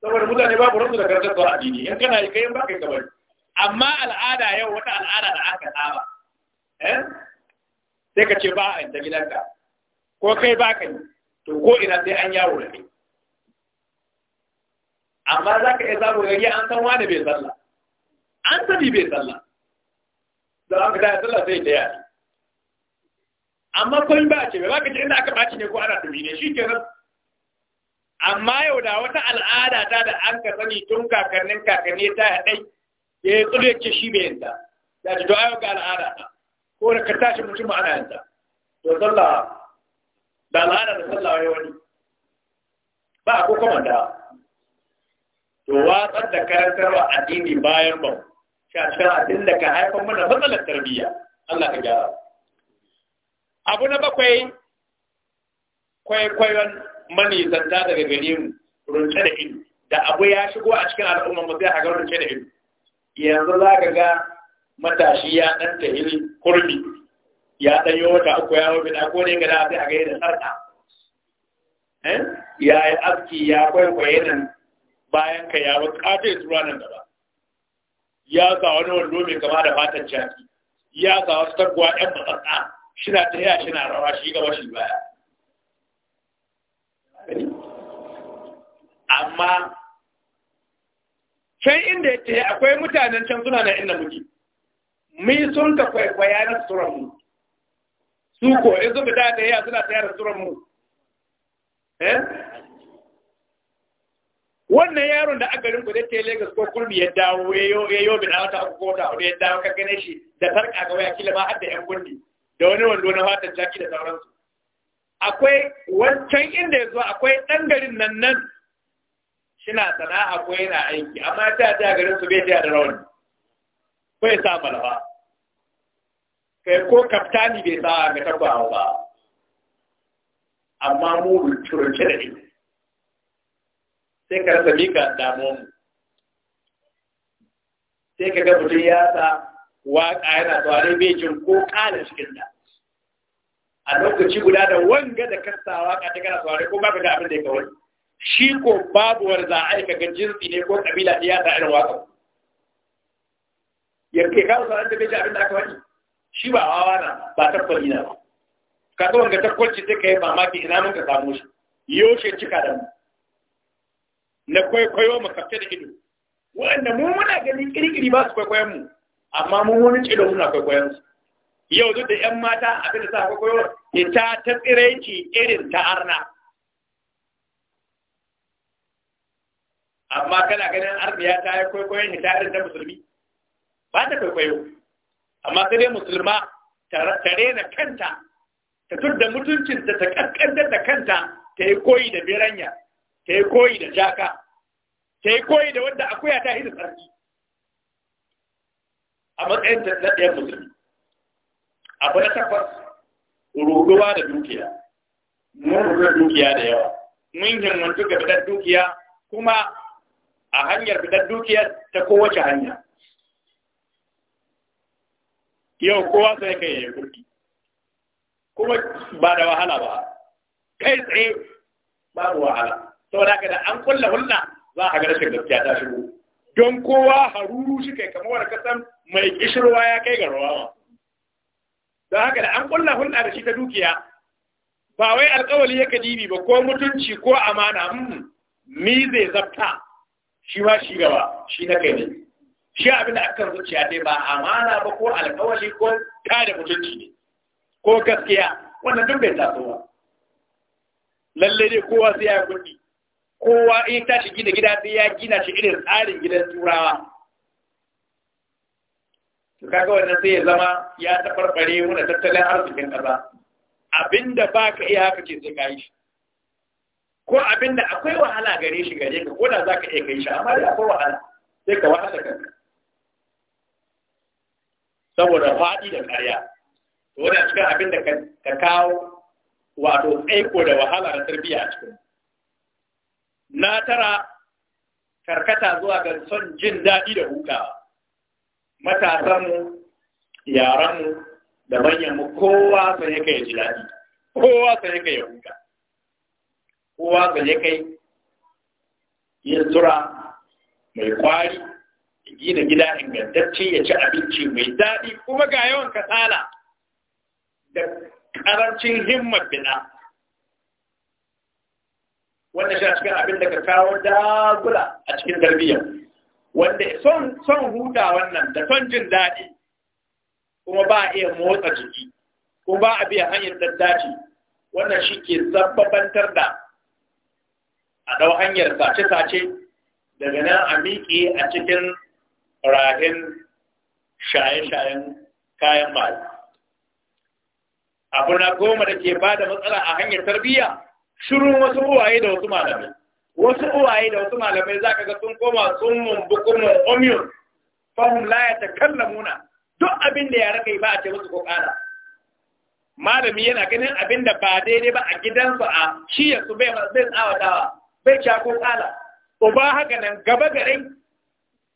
saboda mutane babu ransu da karantarwa addini in kana yi kayan baka ka bari amma al'ada yau wata al'ada da aka saba eh, sai ka ce ba a da gidanka ko kai ba ka to ko ina sai an yawo da kai amma za ka iya zabo gari an san wani bai sallah an sani bai sallah da aka da sallah sai ta ya amma kun ba a ce ba ka ce inda aka ɓaci ne ko ana tumi ne shi ke amma yau da wata al'ada ta da an ka sani tun kakannin kakanni ta ya dai ya yi tsulu ce shi bai yanta ya ji to ga al'ada ta ko da ka tashi mutum ana yanta to sallah da al'ada da sallah ya wani ba ko kuma da to watsar da karantarwa addini bayan ba a cikin addini da ka haifar mana matsalar tarbiyya Allah ka gyara abu na bakwai kwaikwayon zanta daga gare mu da ido da abu ya shigo a cikin al'ummar mu sai a rance da ilu yanzu za ka ga matashi ya ta hili kurmi ya dan yi wata uku ya rufe da ko ne ga a ga yadda sarka eh? ya yi aski ya kwaikwaye nan bayan ka ya kafin su ranar nan gaba ya sa wani wando mai kama da fatan jaki. ya sa wasu tagwa 'yan matsatsa shina tafiya shina rawa shi gaba shi baya amma can inda ya ce akwai mutanen can suna na inda muke mi sun ka kwaikwaya na suran su ko in suka da da suna tayar da suran eh wannan yaron da garin ku da ke Lagos ko kurmi ya dawo ya yi yobin a bin wata ko ta ya dawo ka gane shi da sarka ga waya kila ma har da yan kurmi da wani wando na fatan jaki da sauransu akwai wancan inda ya zo akwai ɗan garin nan nan shina sana akwai yana aiki amma ta ta garin su bai ta da rawani ko ya sa malawa kai ko kaftani bai sa ga tabbawa ba amma mu turance da ni sai ka rasa ka damuwa mu sai ka ga mutum ya sa waƙa yana tsawari bai jin ko ƙala cikin da a lokaci guda da wanga da kasawa ka ta kana saurare ko baka da abin da ya kawai shi ko babu a aika ga jinsi ne ko kabila ɗaya ta irin waka yanke ka saurare da bai abin da aka wani shi ba wawa na ba tabbali na ba ka zo wanga takwalci sai ka yi mamaki ina mun ka samu shi yaushe cika da mu na kwaikwayo mu kafce da ido wa'anda mu muna ganin kirkiri ba su kwaikwayon mu amma mun wani cikin da muna kwaikwayon su yau duk da ‘yan mata fi da sa ka koyo ita ta tsiraici irin ta arna. Amma kana ganin arniya ta yi kwaikwayon ita irin ta musulmi? Ba ta kwaikwayo. Amma sai dai musulma ta rena kanta, ta da mutuncinta ta kaskandar da kanta ta yi koyi da biranya, ta yi koyi da jaka, ta yi koyi da wanda akuya ta da sarki. A matsayin ta ɗayan musulmi. akwai na takwas ruguwa da dukiya mun rubuta dukiya da yawa mun himmantu ga fitar dukiya kuma a hanyar fitar dukiya ta kowace hanya yau kowa sai kai ya kurki kuma ba da wahala ba kai tsaye da wahala saboda ka da an kulla hulɗa za a ga rashin gaskiya ta shigo don kowa haruru shi kai kamar wani kasan mai kishirwa ya kai ga rawa don haka da an kulla hulɗa da shi ta dukiya ba wai alkawali ya kadibi ba ko mutunci ko amana mi hmm, zai zabta shi ma shi gaba shi na kai ne shi abin da akan zuciya dai ba amana ba ko alkawali ko da mutunci ne ko gaskiya wannan duk bai taso ba lalle dai kowa sai ya kuɗi kowa in tashi gina gida sai ya gina shi irin tsarin gidan turawa to kaga wannan sai ya zama ya tabarbare wani tattalin arzikin ƙasa abinda ba ka iya haka ce sai ka yi shi ko abinda akwai wahala gare shi gare ka ko da za ka iya kai shi amma da akwai wahala sai ka wahala kanka saboda faɗi da ƙarya to wani a cikin abinda ka kawo wato tsaiko da wahala da tarbiyya a cikin na tara karkata zuwa ga son jin daɗi da hutawa matasanmu yaranmu da manyanmu kowa sai ya kai ji kowa sai ya kai ya kowa sai ya kai yin tura mai kwari ya gina gida ingantacce ya ci abinci mai daɗi kuma ga yawan kasala da ƙarancin himmar bina wanda shi a cikin abin da ka kawo dagula a cikin tarbiyyar wanda son son huta wannan da son jin daɗi kuma ba a iya motsa jiki kuma ba a biya hanyar daddaci wannan shi ke zababantar da a ɗau hanyar sace-sace daga nan a miƙe a cikin rahin shaye-shayen kayan maye. abu na goma da ke ba da matsala a hanyar tarbiyya shirin wasu ruwaye da wasu malamai wasu uwaye da wasu malamai za ka ga sun koma sun mumbu kuma omiyun fahim ta kalla muna duk abin da yara kai ba a ce musu ko ƙara malami yana ganin abin da ba daidai ba a gidansu a shiya su bai masu tsawatawa bai ca ko ƙala uba haka nan gaba garai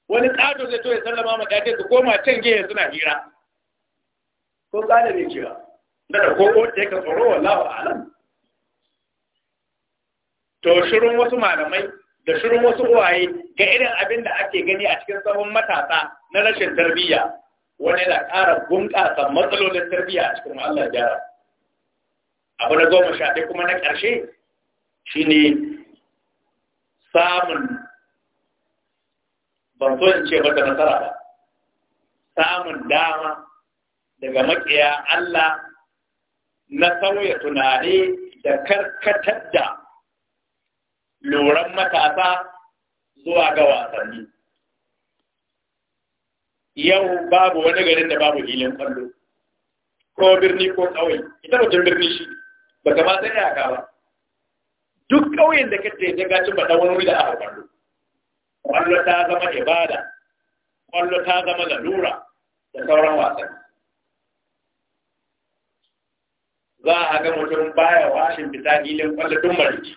wani ƙato zai to ya sallama ma dace su koma can gehe suna hira ko ƙala bai cewa, ba da ko ko ta ka tsoro wallahu a'lam to shirin wasu malamai da shirin wasu uwaye ga irin abin da ake gani a cikin sabon matasa na rashin tarbiyya wani na ƙara bunƙasa matsalolin tarbiyya a cikin Allah jara abu na goma sha ɗaya kuma na ƙarshe shine samun ban so in ce mata nasara ba samun dama daga maƙiya Allah na sauya tunani da karkatar da loran matasa zuwa ga wasanni yau babu wani garin da babu hilin kwallo ko birni ko ƙauye ita mutum birni shi ba ta ma sai iyaka ba duk ƙauyen da kace ta gacin ba dan wani da aka kwallo kwallo ta zama ibada kwallo ta zama lalura da sauran wasanni za a ga mutum baya washin fita hilin kwallo tun mariki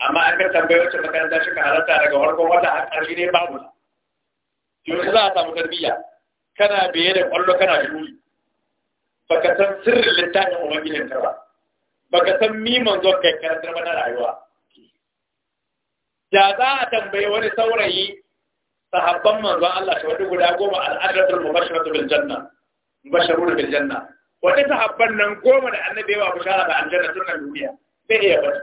amma an ka tambayi wacce makaranta shi ka halarta daga farkon wata har ƙarshe ne babu yanzu za a samu tarbiyya kana biye da ƙwallo kana shuri baka san sirrin littafin ubangijin ka ba baka san miman zo kai karantar ba na rayuwa da za a tambayi wani saurayi sahabban manzon Allah shi wani guda goma al'adatul mubashiratu bil janna mubashirun bil janna wani sahabban nan goma da annabi ya wa bishara da aljanna tun duniya zai iya bata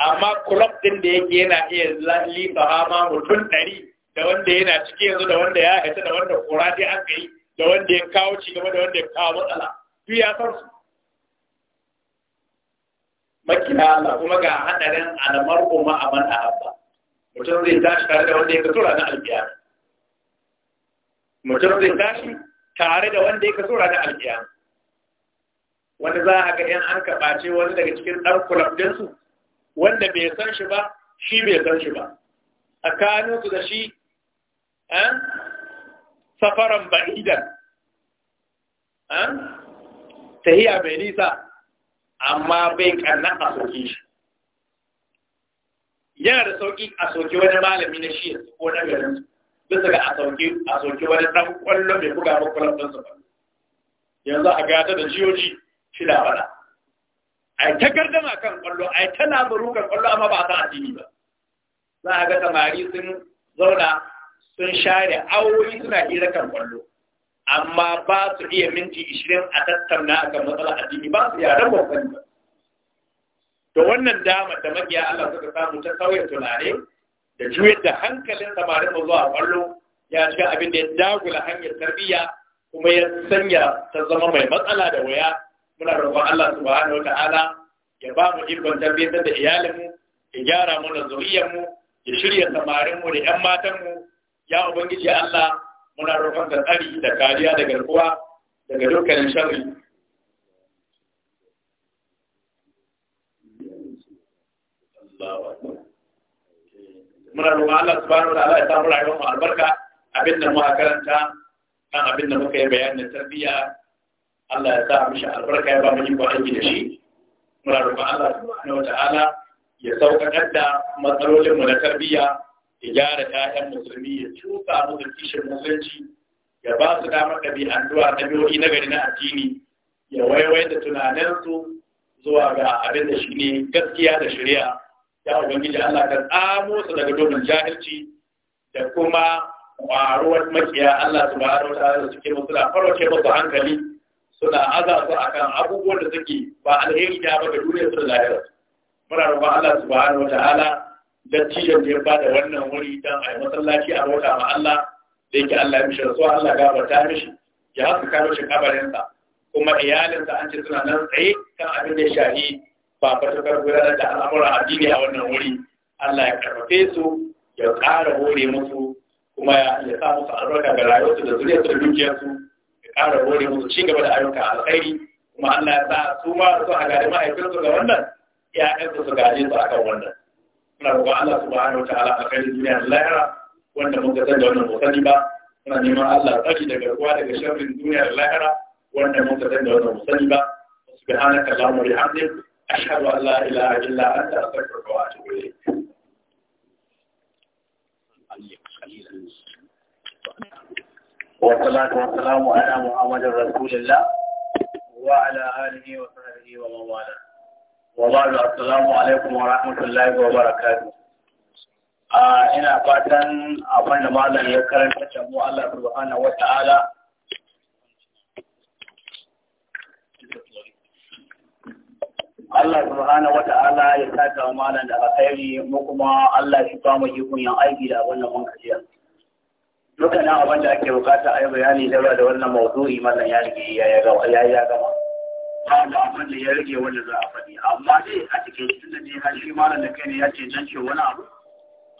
amma club din da yake yana iya lifa ma mutum ɗari da wanda yana ciki yanzu da wanda ya haita da wanda kura dai aka yi da wanda ya kawo ci gaba da wanda ya kawo matsala duk ya san su makina Allah kuma ga hadarin alamar umma a man ahabba mutum zai tashi tare da wanda ya kaso ranar alfiyar mutum zai tashi tare da wanda ya kaso ranar alfiyar wanda za a ga yan an kaɓace wani daga cikin ɗan kulab su? wanda bai san shi ba shi bai san shi ba tsakanin su da shi an eh, safaran ba'idan an eh, tahiya bai nisa amma bai kanna a soke shi yana da sauki a soke wani malami na shi ko na garin su bisa ga a soke a wani dan kwallo bai buga ba kwallon ɗansa ba yanzu a gata da jiyoji shi da wala ai ta gardama kan kwallo ai ta labaru kan kwallo amma ba ta addini ba za a ga samari sun zauna sun share awoyi suna hira kan kwallo amma ba su iya minti ishirin a tattauna a kan matsalar addini ba su yaren babban ba to wannan dama da magiya Allah suka samu ta sauya tunare da juyar da hankalin samarin mu zuwa kwallo ya shiga abin da ya dagula hanyar tarbiyya kuma ya sanya ta zama mai matsala da waya muna roƙon Allah subhanahu wa ta'ala ya ba mu ikon tarbiyyar da iyalinmu ya gyara mana zuriyarmu ya shirya samarinmu da ‘yan matanmu ya ubangiji Allah muna roƙon da tsari da kariya da garkuwa daga dukkanin sharri muna roƙon Allah subhanahu wa ta'ala ya samu rayuwar mu albarka abin da muka karanta kan abin da muka yi bayanin tarbiyya Allah ya sa mishi albarka ya ba mu iko aiki da shi muna roƙon Allah subhanahu wata'ala ya sauƙaƙar da matsalolin mu na tarbiyya ya gyara ƴaƴan musulmi ya cusa musu kishin musulunci ya ba su damar ɗabi'antuwa ɗabi'o'i na gari na addini ya waiwai da tunaninsu zuwa ga abin da shi ne gaskiya da shari'a ya ubangiji Allah ka tsamo su daga domin jahilci da kuma ƙwaruwar makiya Allah subhanahu wa ta'ala suke musu da farwace musu hankali suna aza su kan abubuwan da suke ba alheri da ba ga duniyar su lahira muna roƙon Allah ala don dattijan da ya bada wannan wuri don a yi masallaci a rota ma Allah da yake Allah ya mishi rasuwa Allah gabata mishi ya haskaka mishi kabarinsa kuma iyalinsa an ce suna nan tsaye kan abin da ya shahi ba fatakar gudanar da al'amuran addini a wannan wuri Allah ya karfafe su ya ƙara hore musu kuma ya sa musu albarka ga rayuwarsu da zuriyarsu da dukiyarsu ƙara gore musu ci gaba da ayyuka alkhairi kuma Allah ya sa su ma su a gari ma'aikinsu ga wannan ya ‘ya'yansu su gaje su akan wannan muna roƙon Allah subhanahu wa ta'ala alkhairi duniya da lahira wanda mun ga da wannan musali ba muna neman Allah saki daga ruwa daga sharrin duniya da lahira wanda mun ga da wannan musali ba subhanaka allahumma wa bihamdik ashhadu an la ilaha illa anta astaghfiruka wa atubu ilayk والصلاة والسلام على محمد رسول الله وعلى آله وصحبه ومن والاه والله السلام عليكم ورحمة الله وبركاته آه، أنا فاتن أبن مالا يكرم تشمو الله سبحانه وتعالى الله سبحانه وتعالى يكرم مالا أبا خيري الله سبحانه يكون يعيب إلى أبن مكتير dukkanin abin da ake bukata a yi bayani daura da wannan maudu'i mallan ya rage ya ya gama ya ya gama ba da abin da ya rage wanda za a faɗi amma dai a cikin cikin da ne har shi malam da kai ne ya ce zan ce wani abu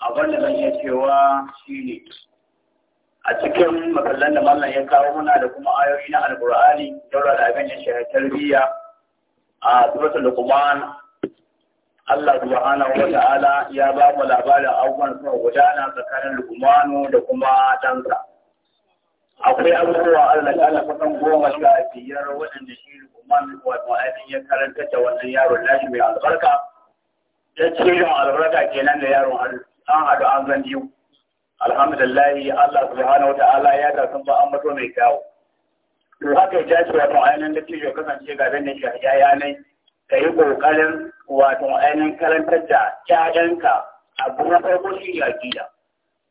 abin da zan iya cewa shi ne a cikin makallan da mallan ya kawo muna da kuma ayoyi na alkur'ani daura da abin da shi tarbiyya a suratul luqman Allah subhanahu wa ta'ala ya ba mu labarin abubuwan suna gudana tsakanin Lukumanu da kuma ɗansa. Akwai abubuwa Allah ya ala kusan goma sha biyar waɗanda shi Lukuman wato ainihin ya karanta da wannan yaron nashi mai albarka. Ya ce yin albarka kenan da yaron an haɗu an zan biyu. Alhamdulillah Allah subhanahu wa ta'ala ya ga sun ba an mato mai kyawu. To haka ya ce wato ainihin da ke kasance ga ganin shi ya yanai. ka yi ƙoƙarin wato ainihin karantar da ƴaƴanka abu na farko shi ne aƙida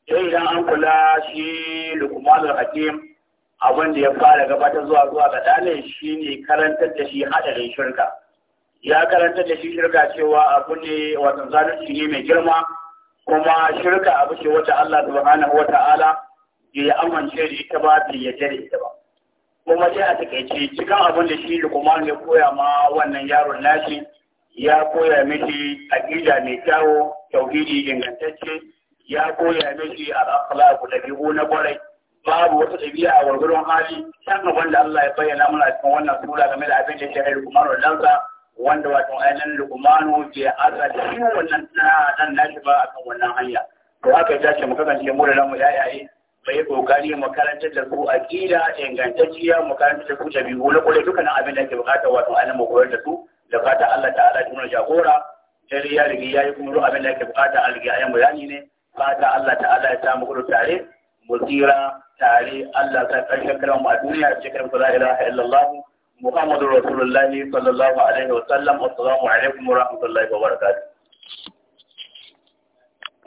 sai idan an kula shi lukmanul hakim abin da ya fara gabatar zuwa zuwa ga ɗalin shi ne karantar da shi haɗarin shirka ya karantar da shi shirka cewa abu ne wato zalunci ne mai girma kuma shirka abu ce wata Allah subhanahu wa ta'ala ya amince da ita ba bai yarda da ita ba kuma dai a takaice cikin abin da shi lukman ya koya ma wannan yaron nashi ya koya mishi aqida mai kyawo tauhidi ingantacce ya koya mishi al-akhlaq dabi'u na kwarai babu wata ɗabi'a a wurin hali can abin da Allah ya bayyana mana cikin wannan sura game da abin da ya kuma lukumanu lansa wanda wato ainihin lukumanu ke asa da shi wannan nan nashi ba a kan wannan hanya to haka ya dace mu kasance mu da mu yayaye yi kokari makarantar da su aqida ingantacciya makarantar da su dabi'u na kula dukkanin abin da ake bukata wato an mu koyar da su da fata Allah ta'ala ya nuna jagora sai ya rigi yayi kuma duk abin da ake bukata a rigi ayan bayani ne fata Allah ta'ala ya samu kudu tare Mu musira tare Allah ta karshen karan a duniya ce karan la ilaha illallah muhammadur rasulullahi sallallahu alaihi wa sallam assalamu alaikum wa rahmatullahi wa barakatuh